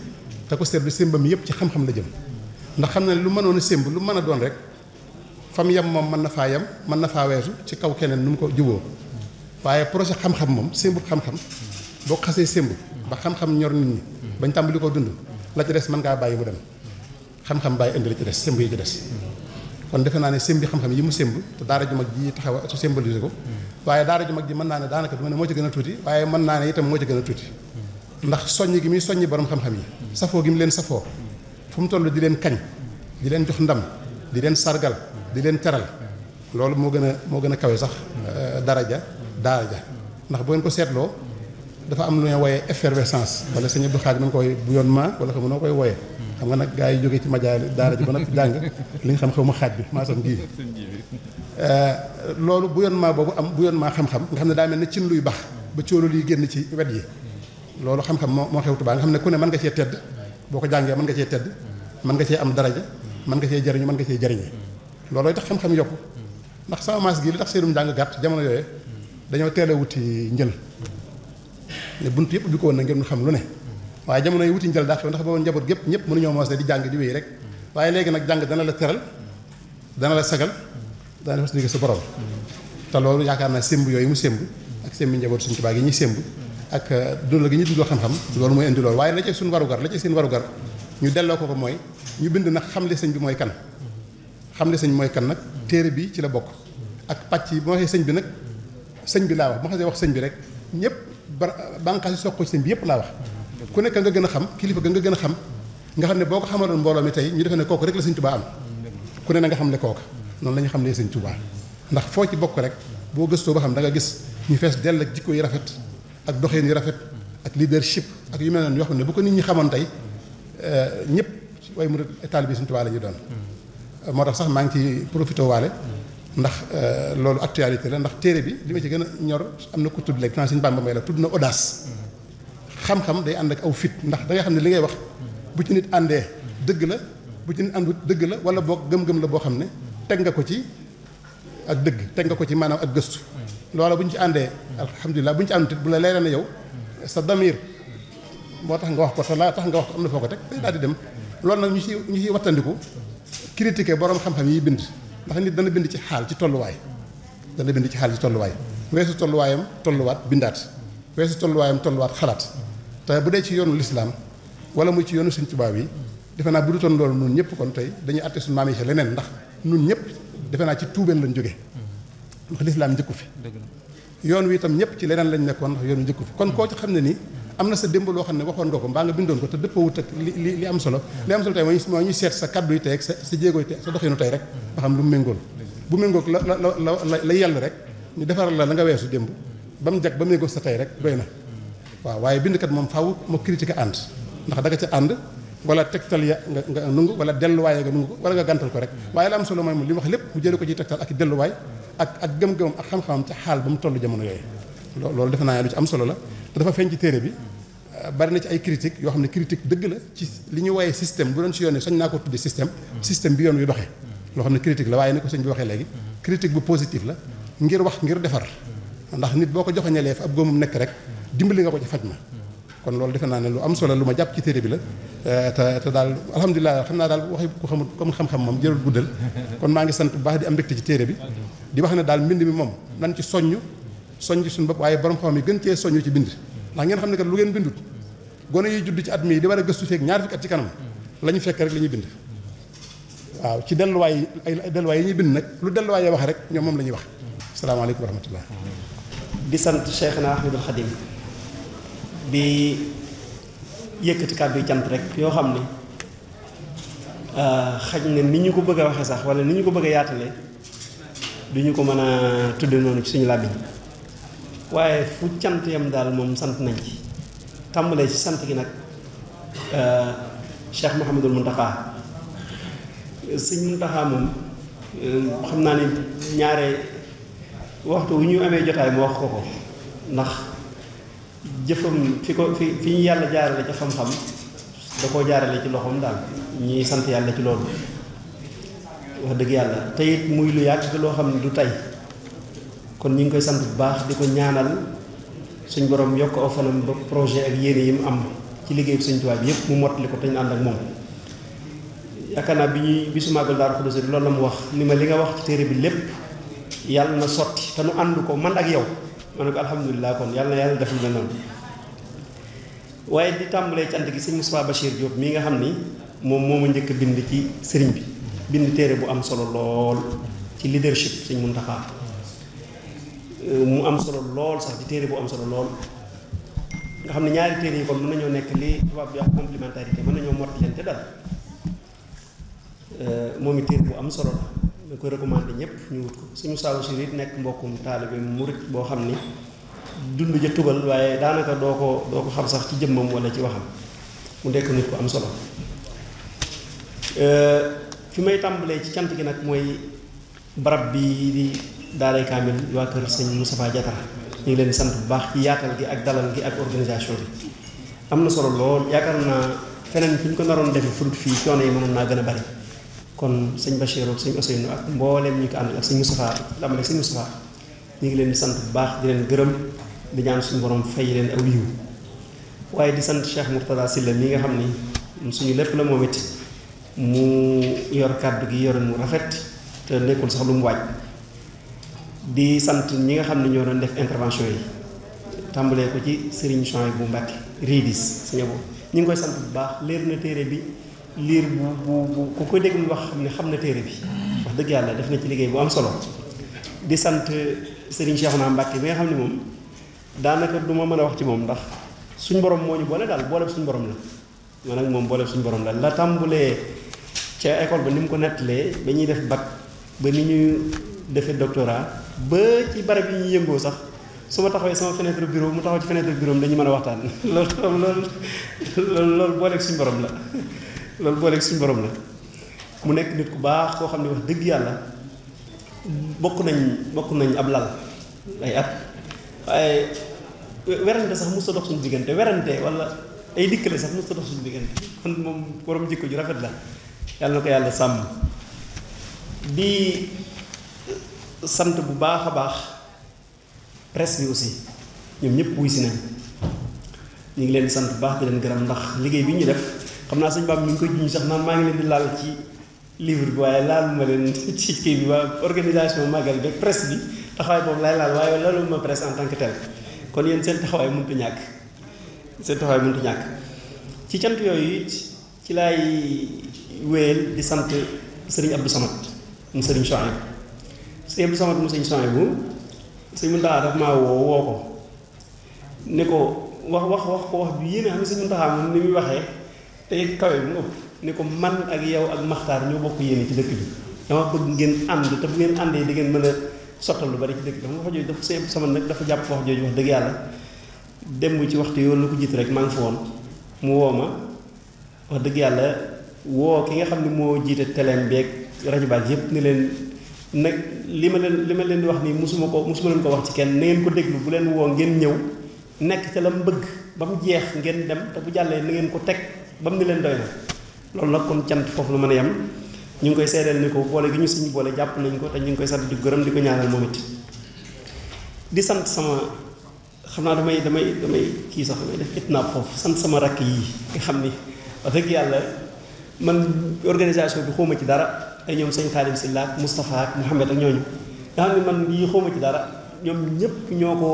S5: te ko seet bi sémbam yëpp ci xam-xam la jëm ndax xam na ne lu mënoon a sémb lu mën a doon rek fam yam moom mën na faa yam mën na faa weesu ci kaw keneen nu mu ko juboo waaye projet xam-xam moom sémbut xam-xam boo xasee sémb ba xam-xam ñor nit ñi bañ tàmbali koo dund la ci des mën ngaa bàyyi mu dem xam-xam bàyyi indi la ci des sémb yi kon defe naa ne sémbi xam-xam yi mu sémb te daara ju mag ji taxaw su symbolisé ko hmm. waaye daara ju mag ji mën naa ne daanaka duma ne moo ci gën a tuuti waaye mën naa ne itam moo ci gën a tuuti hmm. ndax soññ gi muy soññi borom xam-xam yi hmm. safoo gi mu leen safoo fu mu toll di leen kañ di leen jox ndam di leen sargal di leen teral loolu moo gën a moo gën a kawe sax daraja euh, daara ja ndax bu ngeen ko seetloo dafa am lu ñuy wooyee effervescence wala sëñ Abdou Khadre mu koy bouillonnement wala xam noo koy wooyee xam nga nag gars yi ci majaale daara ji ba nag jàng li nga xam xaw ma xaaj bi maasam gii euh, loolu bu yoon maa boobu am bu yoon maa xam-xam nga xam ne daa mel ne cin luy baax ba cóolu liy génn ci wet yi loolu xam-xam moo moo xew Tuubaa nga xam ne ku ne man nga cee tedd boo ko jàngee man nga cee tedd mën nga cee am daraja man nga cee jariñ man nga cee jëriñee loolooy tax xam-xam yokku ndax sama maas gii li tax seenum jàng gàtt jamono yooyu dañoo teel wuti njël ne bunt yëpp bi ko na ngeen xam lu ne waaye jamono yi wuti njël daa xew ndax booba njaboot gépp ñëpp mënuñoo moos ne di jàng di wéy rek waaye léegi nag jàng dana la teral dana la sagal dana la fas liggéey sa borom te loolu yaakaar naa sémb yooyu mu sémb ak sémb njaboot suñ tubaab gi ñuy sémb ak euh, dundal gi ñuy dundal xam-xam loolu mooy indi loolu waaye la ci suñu warugar la ci seen ñu delloo ko ko mooy ñu bind nag xamle sëñ bi mooy kan xam sëñ bi mooy kan nag téere bi ci la bokk ak pàcc yi bu ma waxee bi nag sëñ bi laa wax bu ma xasee wax sëñ bi rek ñëpp banqaas yi soq sëñ bi yëpp laa wax ku nekk nga gën a xam kilifa ga nga gën a xam nga xam ne boo ko xamaloon mbooloo mi tey ñu defe ne kooku rek la sëñ tubaa am ku ne na nga xam ne kooka noonu la ñu xam ne sëñ tubaa ndax foo ci bokk rek boo gëstoo ba xam da nga gis ñu fees dell ak jikko yu rafet ak doxeen yu rafet ak leadership ak yu mel noonu yoo xam ne bu ko nit ñi xamoon tey eh, ñëpp way mu taalibe sëñ tubaa la ñu doon moo tax sax maa ngi ci profité waale ndax eh, loolu actualité la ndax téere bi li ma ci gën a ñor am na ku tudd léegi tan sëñ Bàmba may na audace xam-xam day ànd ak aw fit ndax da xam ne li ngay wax bu ci nit àndee dëgg la bu ci nit àndut dëgg la wala boo gëm-gëm la boo xam ne teg nga ko ci ak dëgg teg nga ko ci maanaam ak gëstu loola bu ñu ci àndee alhamdulilah bu ñu ci àndut bu la leeree na yow sa damir moo tax nga wax ko sa laa tax nga wax ko am na foo ko teg day daal di dem loolu nag ñu ci ñu ciy wattandiku critiquer borom xam-xam yi bind ndax nit dana bind ci xaal ci tolluwaay dana bind ci xaal ci tolluwaay weesu tolluwaayam tolluwaat bindaat weesu tolluwaayam tolluwaat xalaat te bu dee ci yoonu lislaam wala muy ci yoonu Sëñ yi bi defe naa bu du toon loolu nun ñëpp kon tey dañuy àtte suñu maam yi ci leneen ndax nun ñëpp defe naa ci tuubeen lañ jóge ndax lislaam njëkku fi yoon wi itam ñëpp ci leneen lañu nekkoon ndax yoon wi njëkku fi kon koo ci xam ne ni am na sa démb loo xam ne waxoon nga ko mbaa nga bindoon ko te dëppawut ak li li li am solo li am solo tey mooy ñu seet sa kaddu yi tey ak sa sa jéegooy tey sa doxinu tey rek ba xam lu mu méngool bu méngoog la la la la yàlla rek ñu defaral la la nga weesu démb ba mu ba méngoo sa tey rek doy na waaw bind bindkat moom faw mu critique ànd ndax da ca ànd wala tegtal ya nga nga nungu wala delluwaay nga nungu ko wala nga gàntal ko rek waaye la am solo mooy li mu wax lépp mu jële ko ci tegtal ak delluwaay ak ak gëm-gëmam ak xam-xamam ca xaal ba mu toll jamono yooyu loolu defe naa lu ci am solo la te dafa feeñ ci téere bi euh, bari na ci ay critique yoo xam ne critique dëgg la ci li ñu woyee système bu doon si yoon sañ naa ko tudde système système bi yoon wi doxee loo xam ne critique la waaye ni ko sëñ bi waxee léegi critique bu positif la ngir wax ngir defar ndax nit boo ko joxoñalee fa ab góomam nekk rek dimbali nga ko ci faj ma kon loolu defe naa ne lu am solo lu ma jàpp ci téere bi la eh, te te daal alhamdulilah xam naa daal waxi ku xamul comme xam-xam moom jërul guddal kon maa ngi sant bu baax di am mbégte ci téere bi di wax ne daal mbind mi moom nan ci soññ soññ suñu bopp waaye borom xam-xam yi gën cee soññ ci bind ndax ngeen xam ne kat lu ngeen bindut gone yiy judd ci at mii di war a gëstu feeg ñaar fukki at ci kanam la ñu fekk rek la ñuy bind waaw ci delluwaay ay delluwaay yi ñuy bind nag lu delluwaay wax rek ñoom moom la ñuy wax asalaamaaleykum wa rahmatullah di sant Cheikhna Ahmadul Khadim bi
S6: yëkkati kàddu yi cant rek yoo xam ne euh, xaj na ni ñu ko bëgg a waxee sax wala ni ñu ko bëgg yaatale du ñu ko mën a tudde noonu ci suñu làmmiñ waaye fu cant yam daal moom sant nañ ci tàmbalee ci sant gi nag euh, Cheikh Mouhamadul Mountakha sëñ Mountakha moom euh, xam naa ne ñaare waxtu wu ñu amee jotaay mu wax ko ko ndax jëfam fi ko fi fi ñu yàlla jaarale ci xam-xam da koo jaarale ci loxoom daal ñuy sant yàlla ci loolu wax dëgg yàlla te it muy lu yàgg loo xam ne du tay kon ñu ngi koy sant bu baax di ko ñaanal suñ borom yokk aw fanam ba projet ak yéene yi mu am ci liggéey suñ tubaab bi yëpp mu mottali ko te ñu ànd ak moom yaakaar naa bi ñuy bisu màggal Daaru Xudoos bi loolu la mu wax ni ma li nga wax ci téere bi lépp yàlla na sotti te nu ànd ko man ak yow ma ne ko alhamdulilah kon yàlla yàlla def lu noonu waaye di tàmbalee cant gi sëñ Moustapha Bachir Diop mii nga xam ni moom moom ma njëkk bind ci sëriñ bi bind téere bu am solo lool ci leadership sëñ Mountakha euh, mu am solo lool sax di téere bu am solo lool nga xam ne ñaari téere yi kon mën nañoo nekk li tubaab bi wax complémentarité mën nañoo mottali leen te dal euh, moom it téere bu am solo la ñu ko recommandé ñëpp ñu wut ko suñu saabu si it nekk mbokkum mu murit boo xam ni dund ja tugal waaye daanaka doo ko doo ko xam sax ci jëmmam wala ci waxam mu nekk nit ku am solo euh, fi may tàmbalee ci cant gi nag mooy barab bii di daaray kaamil waa kër sëñ Moustapha Diatara ñu ngi leen sant bu baax ci yaatal gi ak dalal gi ak organisation bi am na solo lool yaakaar naa feneen fi ñu ko naroon defe furut fii coono yi mënoon naa gën a bari kon sëñ Bachir ak sëñ Ousseynou ak mbooleem ñu ko àndal ak sëñ Moustapha la ma sëñ ñu ngi leen di sant bu baax di leen gërëm di ñaan suñu borom fay leen aw yiw waaye di sant Cheikh Mourtada Sylla mi nga xam ni suñu lépp la moom it mu yor kàddu gi yoroon mu rafet te nekkul sax lu mu waaj di sant ñi nga xam ne ñoo doon def intervention yi tàmbalee ko ci Serigne Chouaïbou bu Mbacke Ridis suñu ñu ngi koy sant bu baax leer na téere bi. liir bu bu ku ko dégg mu wax ne xam na téere bi wax dëgg yàlla def na ci liggéey bu am solo di sant Serigne Cheikhouna Mbacke bi nga xam ne moom daanaka du ma mën a wax ci moom ndax suñ borom moo ñu boole daal booleb suñ borom la man ak moom booleb suñ borom la la tàmbulee ca ni mu ko nettalee ba def bac ba ni ñu defee doctorat ba ci barab ñuy yëngoo sax su ma taxawee sama fenêtre bureau mu taxaw ci fenêtre bureau mën a waxtaan loolu loolu loolu loolu booleeg suñ borom la loolu boo rek boroom borom la mu nekk nit ku baax koo xam ne wax dëgg yàlla bokk nañ bokk nañ ab lal ay at waaye werante sax mos a dox suñu diggante werante wala ay dikkale sax mos a dox suñu diggante kon moom borom jikko ju rafet la yàlla na ko yàlla sàmm di sant bu baax a baax presse bi aussi ñoom ñëpp wuy si nañ ñu ngi leen sant bu baax di leen gërëm ndax liggéey bi ñu def xam naa sëñ Bamba mi ngi koy junj maa ngi leen di laal ci livre bi waaye laaluma leen ci kii bi waa organisation magal bi presse bi taxawaay boobu laay laal waaye laaluma presse en tant que tel kon yéen seen taxawaay mënut a ñàkk seen taxawaay mënut a ñàkk ci cant yooyu ci laay wéyal di sant sëriñ Abdou Samad mu sëriñ Sohaïb sëriñ Abdou Samad mu sëriñ Sohaïb bu sëñ Muntaxa daf maa woo woo ko ne ko wax wax wax ko wax bi yéen a xam ne waxee. tey it kawe bu mu ëpp ni ko man ak yow ak maxtaar ñoo bokk yéene ci dëkk bi dama bëgg ngeen ànd te bu ngeen àndee di ngeen mën a sottal lu bari ci dëkk bi dama wax jooju dafa seeb sama nag dafa jàpp wax jooju wax dëgg yàlla dem ci waxtu yoon lu ko jiitu rek maa ngi fa woon mu woo ma wax dëgg yàlla woo ki nga xam ne moo jiite teleem beeg rajo baag yëpp ni leen nag li ma leen li ma leen di wax nii musuma ko musuma leen ko wax ci kenn na ngeen ko déglu bu leen woo ngeen ñëw nekk ca la mu bëgg ba mu jeex ngeen dem te bu jàllee na ngeen ko teg ba mu ni leen doy na loolu nag kon cant foofu la mën a yem ñu ngi koy seedeel ni ko boole gi ñu suñu boole jàpp nañ ko te ñu ngi koy sant di gërëm di ko ñaanal moom it di sant sama xam naa damay damay kii sax damay def itnaab foofu sant sama rakk yi nga xam ni wax dëgg yàlla man organisation bi xawma ci dara ay ñoom sëñ Xaadim Silla ak Moustapha ak Mouhamed ak ñooñu nga xam ne man yi xawma ci dara ñoom ñëpp ñoo ko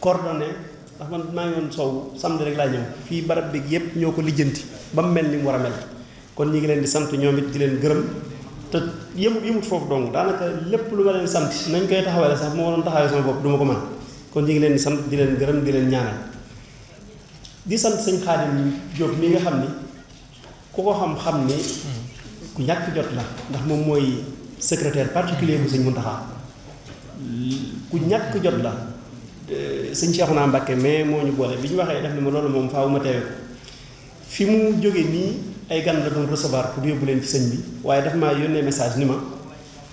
S6: coordonné ndax man maa ngi woon sow samedi rek laa ñëw fii barab bi yëpp ñoo ko lijjanti ba mu mel ni mu war a mel kon ñu ngi leen di sant ñoom it di leen gërëm te yëmut yëmut foofu dong daanaka lépp lu ma leen sant nañ koy taxawale sax moo waroon taxawee sama bopp du ko mën kon ñu ngi leen di sant di leen gërëm leen ñaanal sant sëñ Xaadim Jóob mi nga xam ni ku ko xam-xam ni ku ñàkk jot la ndax moom mooy secretaire secrétaire particulier bu sëñ Muntaxa ku ñàkk jot la Euh, sëñ Cheikhouna Mbacké mais moo ñu boole bi ñu waxee def na ma loolu moom faaw ma teewe ko fi mu jóge nii ay gan la doon recevoir pour yóbbu leen ci sëñ bi waaye daf maa yónnee message ni ma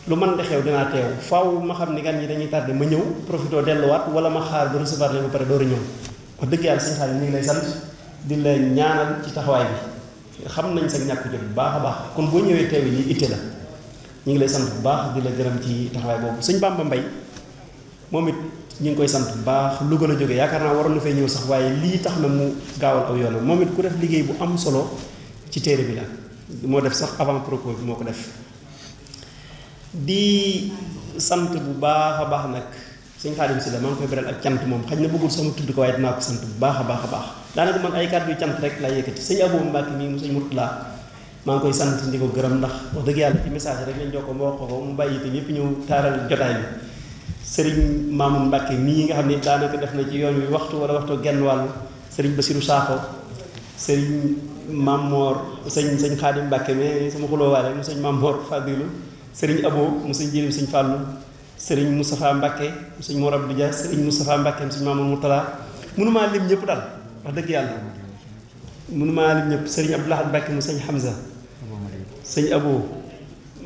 S6: lu man de xew dinaa teew faaw ma xam ni gan ñi dañuy tardé ma ñëw profité delluwaat wala ma xaar ba recevoir leen ba pare door a ñëw wax dëgg yàlla sëñ xaar ñu ngi lay sant di la ñaanal ci taxawaay bi xam nañ sa ñàkk jot bu baax a baax kon boo ñëwee teew yi itte la ñu ngi lay sant bu la gërëm ci taxawaay boobu sëñ Bamba Mbay ñu ngi koy sant bu baax lu gën a jógee yaakaar naa waroon na fay ñëw sax waaye lii tax na mu gaawal aw yoonam moom it ku def liggéey bu am solo ci téere bi la moo def sax avant propos moo ko def di sant bu baax a baax nag sëñ Xaadim si la maa ngi ak cant moom xañ na bëggul sama tudd ko waaye dinaa ko sant bu baax a baax a baax daanaka man ay kàddu yu cant rek laa yëkkati sëñ Abou Mbacke mii mu sëñ laa maa ngi koy sant di ko gërëm ndax wax dëgg yàlla ci message rek lañ jox ko mu wax ko mu bàyyi te ñëpp ñëw taaral jotaay bi sëriñ Mamoun Mbacke mii nga xam ne daanaka def na ci yoon wi waxtu wala waxtu genn wàll sëriñ Basirou Sakho sëriñ Mamor sëñ sëñ Xaadim Mbacke mais sama xulóowaale mu sëñ Mamor Fadilu sëriñ Abo mu sëñ Jélim sëñ Fàllu sëriñ Moustapha Mbacke mu sëñ Mor Abdou Dia sëriñ Moustapha Mbacke mu sëñ Mamoun Moutala mënumaa lim ñëpp daal wax dëgg yàlla mënumaa lim ñëpp sëriñ Abdoulaye Mbacke mu sëñ Hamza sëñ Abo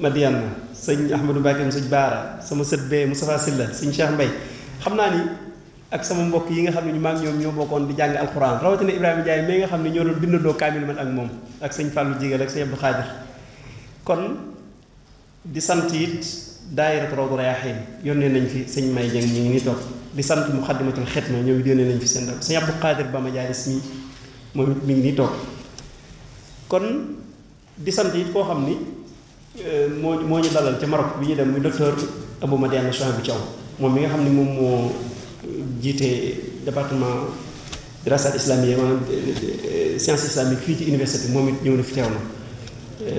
S6: Madiane sëñ Ahmadou Mbacke sëñ Baara sama sët bee Moustapha Silla sëñ Cheikh Mbaye xam naa ni ak sama mbokk yi nga xam ne ñu maag ñoom ñoo bokkoon di jàng alxuraan rawatina Ibrahima Ndiaye mais nga xam ne ñoo doon bindandoo kaamil man ak moom ak sëñ Fallou Jigal ak sëñ Abdou Khadir di sant it daayiratu Rawdu Rayaahiin yónnee nañ fi sëñ May Jeng ñu ngi ni toog sant Muxaddamatul Xidma ñoom it yónnee nañ fi seen ndaw sëñ Abdou Khadir Ba Majaalis mi moom it mi ngi ni toog kon di sant it xam ni moo moo ñu dalal ca Maroc bi ñu dem muy docteur Abou Madiane bi Thiaw moom mi nga xam ne moom moo jiite département dirasat islamiyya maanaam euh, science islamique fii ci université moom it ñëw na fi teew na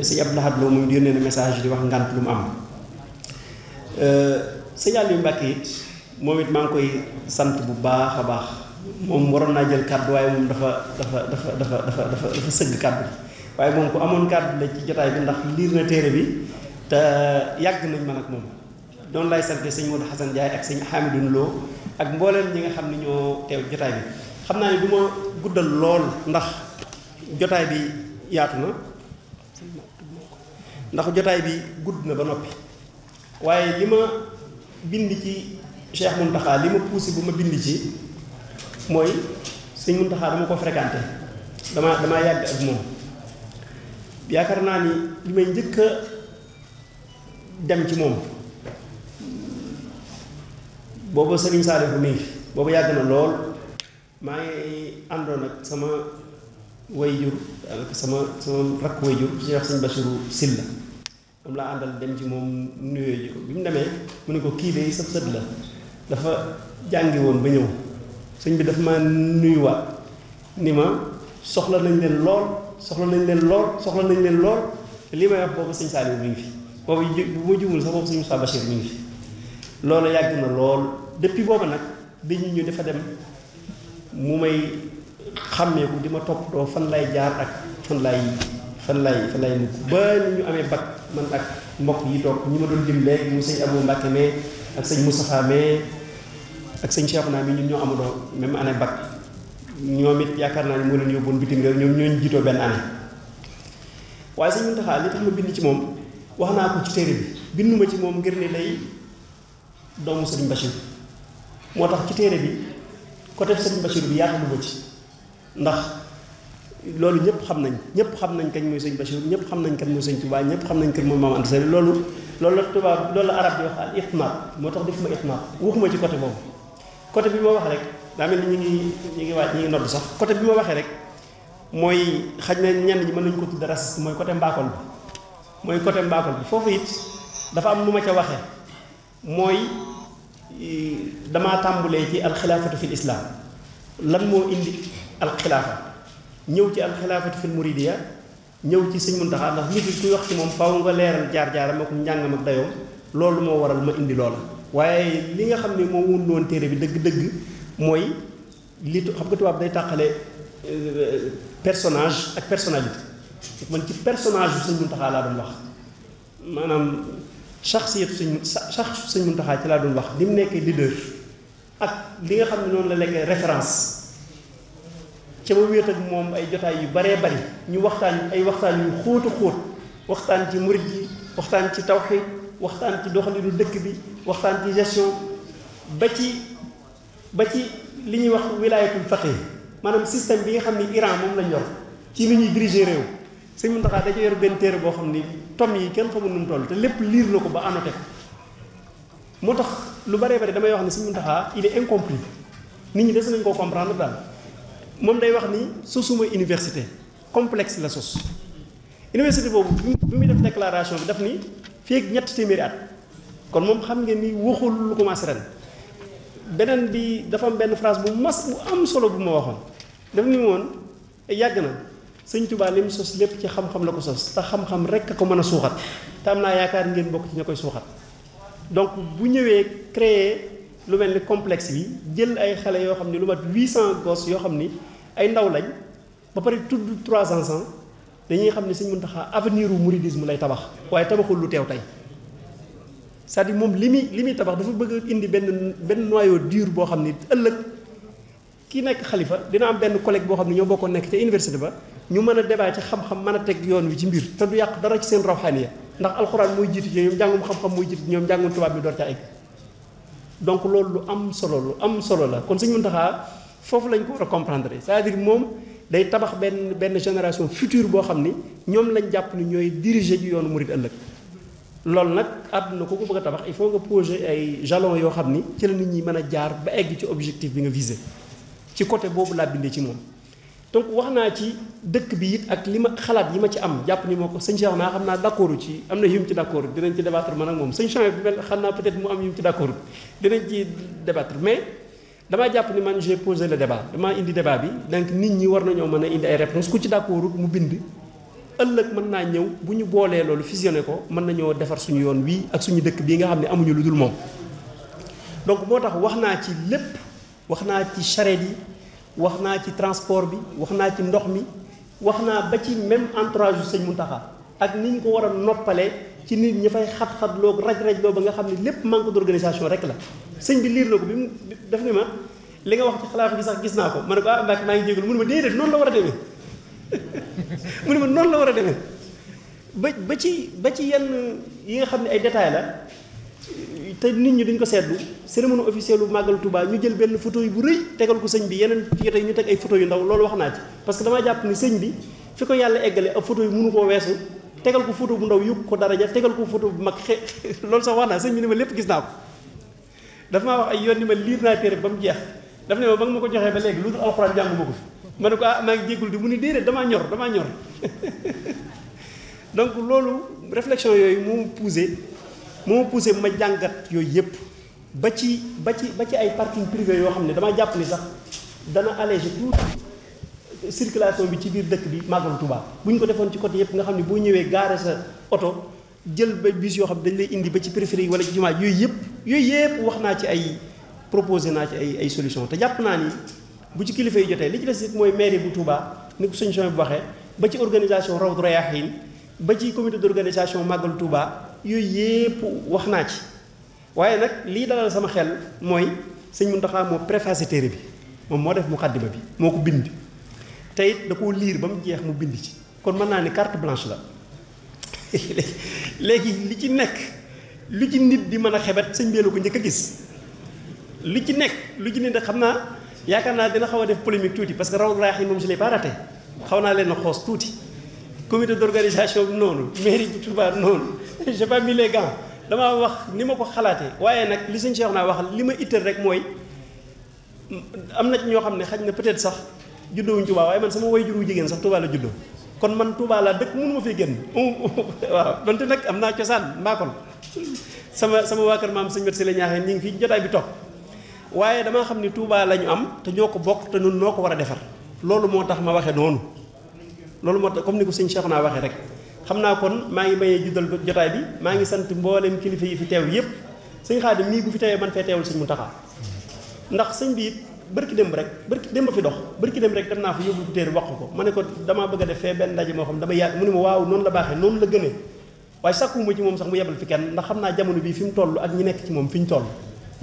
S6: ab Abdou Lahad Lo moom yónnee na message di wax ngant lu mu am euh, sëñ Aliou Mbacke it moom it maa ngi koy sant bu baax a baax moom waroon naa jël kàddu waaye moom dafa dafa dafa dafa dafa dafa sëgg kàddu waaye moom ku amoon kàddu lañ ci jotaay bi ndax liir na téere bi te yàgg nañ man ak moom doon lay sant sëñ Modou Xasan Jaay ak sëñ Hamidou ak mbooleem ñi nga xam ne ñoo teew bi xam naa ne du ma guddal lool ndax jotaay bi yaatu na ndax jotaay bi gudd na ba noppi waaye li ma bind ci Cheikh Mountakha li ma poussé bu ma bind ci mooy sëñ Mountakha dama ko fréquenté dama damaa yàgg ak moom yaakaar naa ni li may njëkk a dem ci moom booba Serigne Saliou mi ngi booba yàgg na lool maa ngi àndoon ak sama wayjur ak sama sama rakk wayjur ci wax Serigne Bassirou Sylla moom laa àndal dem ci moom nuyoo ji ko bi mu demee mu ne ko kii de sab sët la dafa jàngi woon ba ñëw sëñ bi dafa ma nuyuwaat ni ma soxla nañ leen lool soxla nañ leen lool soxla nañ leen lool li may wax boobu sëñ Saliou mi ngi fi boobu bu ma jumul sax boobu sëñ Moussa Bachir mi ngi fi loolu yàgg na lool depuis booba nag dañu ñu dafa dem mu may xàmmeeku di ma toppatoo fan lay jaar ak fan lay fan lay fan lay mukk ba ni ñu amee bac man ak mbokk yi toog ñi ma doon dim léegi mu sëñ Abou ak sëñ Moustapha mais ak sëñ Cheikh naa mi ñun ñoo amandoo même année bac ñoom it yaakaar naa ne moo leen yóbboon bitim réew ñoom ñooñu jiitoo benn année waaye sëñ Muntaxa li tax ma bind ci moom wax naa ko ci téere bi binduma ci moom ngir ne day doomu sëriñ moo tax ci téere bi côté sëriñ Bachir bi yaatu lu ma ci ndax loolu ñëpp xam nañ ñëpp xam nañ kañ mooy sëñ Bachir ñëpp xam nañ kan mooy sëñ Touba ñëpp xam nañ kan mooy Maam Anta Sali loolu loolu la tubaab loolu la arab di wax al ixtimaat moo tax def ma ixtimaat waxuma ci côté boobu côté bi ma wax rek daa mel ngi ñu ngi waaj ñu ngi nodd sax côté bi ma waxee rek mooy xaj na ñenn ñi mën nañu ko tudd raciste mooy côté mbaakol mooy côté mbaakol bi foofu it dafa am lu ma ca waxee mooy damaa tàmbulee ci alxilaafatu fil islaam lan moo indi alxilaafa ñëw ci alxilaafatu fil muridiya ñëw ci sëñ Muntaxa ndax nit ki kuy wax ci moom faw nga leeral jaar-jaaram ak njàngam ak dayoom loolu moo waral ma indi loola waaye li nga xam ne moo wundoon téere bi dëgg-dëgg mooy li xam nga tubaab day tàqale euh, personnage ak bi man ci personnage bu sëñ Muntaxaa laa doon wax maanaam shaxsiyatu sëñ shaxsu sëñ Muntaxaa ci laa doon wax li mu nekkee leader ak li nga xam ne noonu la nekkee référence ca ma wéet ak moom ay jotaay yu baree bari ñu waxtaan ay waxtaan yu xóotu xóot waxtaan ci murit yi waxtaan ci tawxiid waxtaan ci doxalinu dëkk bi waxtaan ci gestion ba ci ba ci li ñuy wax wilaayatul faqih maanaam système bi nga xam ni Iran moom lañ yor ci li ñuy diriger réew sëñ Muntaxa da ci yor benn téere boo xam ni tom yi kenn xamul nu mu toll te lépp liir na ko ba annoté ko moo tax lu baree bari damay wax ni sëñ Muntaxa il est incompris nit ñi des nañ koo comprendre daal moom day wax ni sosuma université complexe la sos université boobu bi muy def déclaration bi daf ni fii ak ñett téeméeri at kon moom xam ngeen ni waxul lu commencé ren beneen bi dafa am benn phrase bu mas bu am solo bu ma waxoon daf ni woon eh, yàgg na sëñ Tuubaa li mu sos lépp ci xam-xam la ko sos te xam-xam a ko mën a suuxat te am naa yaakaar ngeen bokk ci ña koy suuxat donc bu ñëwee créer lu mel ni complexe bi jël ay xale yoo xam ne lu mat cent gosses yoo xam ni ay ndaw lañ ba pare tudd 300 ans dañuy xam ne mun Muntaxa avenir u mouridisme lay tabax waaye tabaxul lu teew tey cest à moom li muy li tabax dafa bëgg indi benn benn noyau dur boo xam ni ëllëg ki nekk xalifa dina am benn collègue boo xam ne ñoo bokkoon nekk ca université ba ñu mën a débat mën a teg yoon wi ci mbir te du yàq dara ci seen rawxaaniya ndax alxuraan mooy jiitu ci ñoom xam-xam mooy jiitu ci ñoom njàngum tubaab bi door ca donc loolu lu am solo lu am solo la kon Sëriñ Muntaxa foofu lañ ko war a comprendre moom day tabax benn benn génération future boo xam ni ñoom lañ jàpp ni ñooy diriger ji yoonu murid ëllëg loolu nag àdduna ko ko bëgg a tabax il faut nga projet ay jalons yoo xam ni ci la nit ñi mën a jaar ba egg ci objectif bi nga visé ci côté boobu laa bindee ci moom. donc wax naa ci dëkk bi it ak li ma xalaat yi ma ci am jàpp ni moo ko sëñ Cheikh naa xam naa ci am na yu mu ci d' accord dinañ ci débattre man ak moom sëñ Cheikh bi mel xam naa peut être mu am yu mu ci d' accord mais damaa jàpp ni man j'ai posé le débat damaa indi débat bi donc nit ñi war na ñoo mën a indi ay réponses ku ci d' mu bind. ëllëg mën naa ñëw bu ñu boolee loolu fusionné ko mën na nañoo defar suñu yoon wii ak suñu dëkk bii nga xam ne amuñu lu dul moom donc moo tax wax naa ci lépp wax naa ci charrette yi wax naa ci transport bi wax naa ci ndox mi wax naa ba ci même entourage yu sëñ Mountakha ak ni ñu ko war a noppalee ci nit ña fay xat-xat loo raj-raj loo ba nga xam ne lépp manque d'organisation rek la sëñ bi liir na ko bi mu def ni ma li nga wax ci xalaat gi sax gis naa ko ma ne ko ah Mbacke maa ngi jégalu la war a demee mu ne ma noonu la war a demee ba ba ci ba ci yenn yi nga xam ne ay détails la te nit ñi duñ ko seetlu cérémonie officielle bu màggal Touba ñu jël benn photo yu bu rëy tegal ko sëñ bi yeneen tey ñu teg ay photo yu ndaw loolu wax naa ci parce que damaa jàpp ni sëñ bi fi ko yàlla eggale ab photo yu mënu koo weesu tegal ko photo bu ndaw yóbbu ko daraja tegal ko photo bu mag xe loolu sax wax naa sëñ bi ne ma lépp gis naa ko dafa maa wax ay yoon ni ma liir ba mu jeex daf ne ba nga ko joxee ba léegi lu dul alxuraan jàng ma ma ne ko ah maa ngi jéggul di mu ni déedéet damaa ñor damaa ñor donc loolu réflexion yooyu moom poussé moo poussé ma jàngat yooyu yëpp ba ci ba ci ba ci ay parking privé yoo xam ne damaa jàpp ni sax dana allégé tout circulation bi ci biir dëkk bi Màggal Tuubaa bu ñu ko defoon ci côté yëpp nga xam ne boo ñëwee gaare sa oto jël ba bis yoo xam ne dañ lay indi ba ci périphérie wala ci jumaa yooyu yëpp yooyu yëpp wax naa ci ay proposé naa ci ay ay solution te jàpp naa ni bu ci kilifa yi jotee li ci des it mooy mairie bu Touba ni ko sëñ bu waxee ba ci organisation Rawdu Rayaahiin ba ci comité d'organisation Màggal Touba yooyu yépp wax naa ci waaye nag lii dalal sama xel mooy sëñ ndaxa moo préfacé téere bi moom moo def muqaddima bi moo ko bind te it da koo liir ba mu jeex mu bind ci kon mën naa ni carte blanche la léegi li ci nekk li ci nit di mën a xebet sëñ bi ko njëkk a gis li ci nekk lu ci nit xam naa yaakaar naa dina xaw a def polémique tuuti parce que raw raax yi moom je l'ai pas xaw naa leen a xoos tuuti comité d'organisation bi noonu mairie bu Touba noonu j'ai pas mis damaa wax ni ma ko xalaatee waaye nag li suñ Cheikh naa wax li ma itteel rek mooy am na ci ñoo xam ne xaj na peut-être sax juddoowuñ Touba waaye man sama way juru jigéen sax Touba la juddoo kon man Touba laa dëkk mënu ma fee génn waaw donte nag am naa cosaan maa kon sama sama waa kër maam sëñ Mat si la ñaaxee ñu ngi fii jotaay bi toog waaye damaa xam ni Touba la ñu am te ñoo ko bokk te nun noo ko war a defar loolu moo tax ma waxe noonu loolu moo tax comme ni ko sëñ Cheikh naa waxee rek xam naa kon maa ngi mayee juddal jotaay bi maa ngi sant mboolem kilifa yi fi teew yëpp sëñ Xaadim mii bu fi teewee man fee teewul sëñ Muntaxa ndax sëñ bi it bërki démb dox bërki démb rek dem naa fa yóbbu ko ma a def fee benn moo xam dama yàgg mu ne ma waaw noonu la baaxee noonu la gënee waaye sàkkuma ci moom sax mu yebal fi kenn ndax xam naa jamono bii fi mu toll ak ñi nekk ci moom fi ñu toll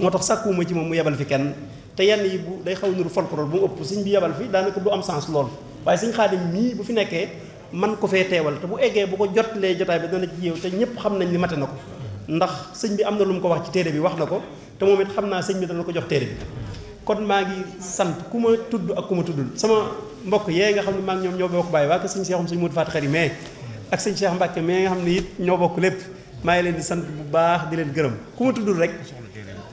S6: moo tax sàkkuwuma ci moom mu yebal fi kenn te yenn yi bu day xaw nuru folklore bu mu ëpp sëñ bi yebal fi daanaka du am sens lool waaye sëñ xaadim mii bu fi nekkee man ko fee teewal te bu eggee bu ko jot jotlee jotaay bi dana ci yéew te ñëpp xam nañ ni mate na ko ndax sëñ bi am na lu mu ko wax ci téere bi wax na ko te moom it xam naa sëñ bi dana ko jox téere bi kon maa ngi sant ku ma tudd ak ku ma tuddul sama mbokk yee nga xam ne maa ñoom ñoo bokk bàyyi ko sëñ Seexum sëñ Modou Fatou Khari mais ak sëñ Cheikh Mbacke mais nga xam ne it ñoo bokk lépp maa ngi leen di sant bu baax di leen gërëm ku ma rek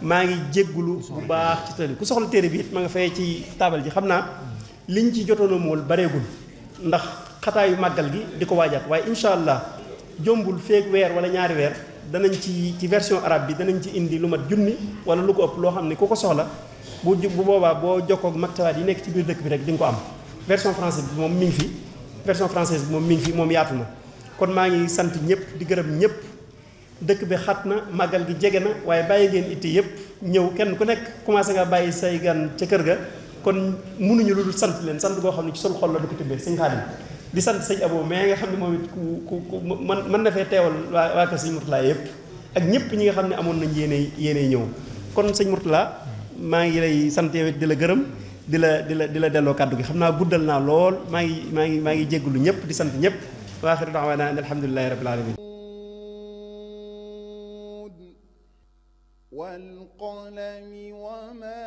S6: maa ngi jéggulu bu baax ci tëli ku soxla téere bi it ma nga fay ci taabal ji xam naa liñ ci jotoon a bareegul ndax xataayu màggal bi di ko waajaat waaye incha allah jombul feeg weer wala ñaari weer danañ ci ci version arab bi danañ ci indi lu mat junni wala lu ko ëpp loo xam ne ku ko soxla bu bu boobaa boo jokkoo ak maktabaat yi nekk ci biir dëkk bi rek di nga ko am version française bi moom mi ngi fi version française bi moom mi ngi fi moom yaatu na kon maa ngi sant ñëpp di gërëm ñëpp dëkk bi xat na màggal gi jege na waaye bàyyi ngeen it yëpp ñëw kenn ku nekk commencé nga bàyyi say gan ca kër ga kon mënuñu lu dul sant leen sant boo xam ne ci sol xol la du ko tibbee sëñ Xaadim di sant sëñ Abo mais nga xam ne moom it ku ku ku man na fee teewal waa waa kër sëñ yëpp ak ñëpp ñi nga xam ne amoon nañ yéenay yéenay ñëw kon sëñ Mourtala maa ngi lay sant yow la gërëm di la di la di la delloo kàddu gi xam naa guddal naa lool maa ngi maa ngi maa ngi jégalu ñëpp di sant ñëpp wa axiru da'waana alhamdulillahi rabbil alamin
S2: والقلم وما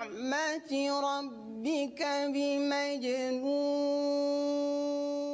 S1: رحمة ربك بمجنون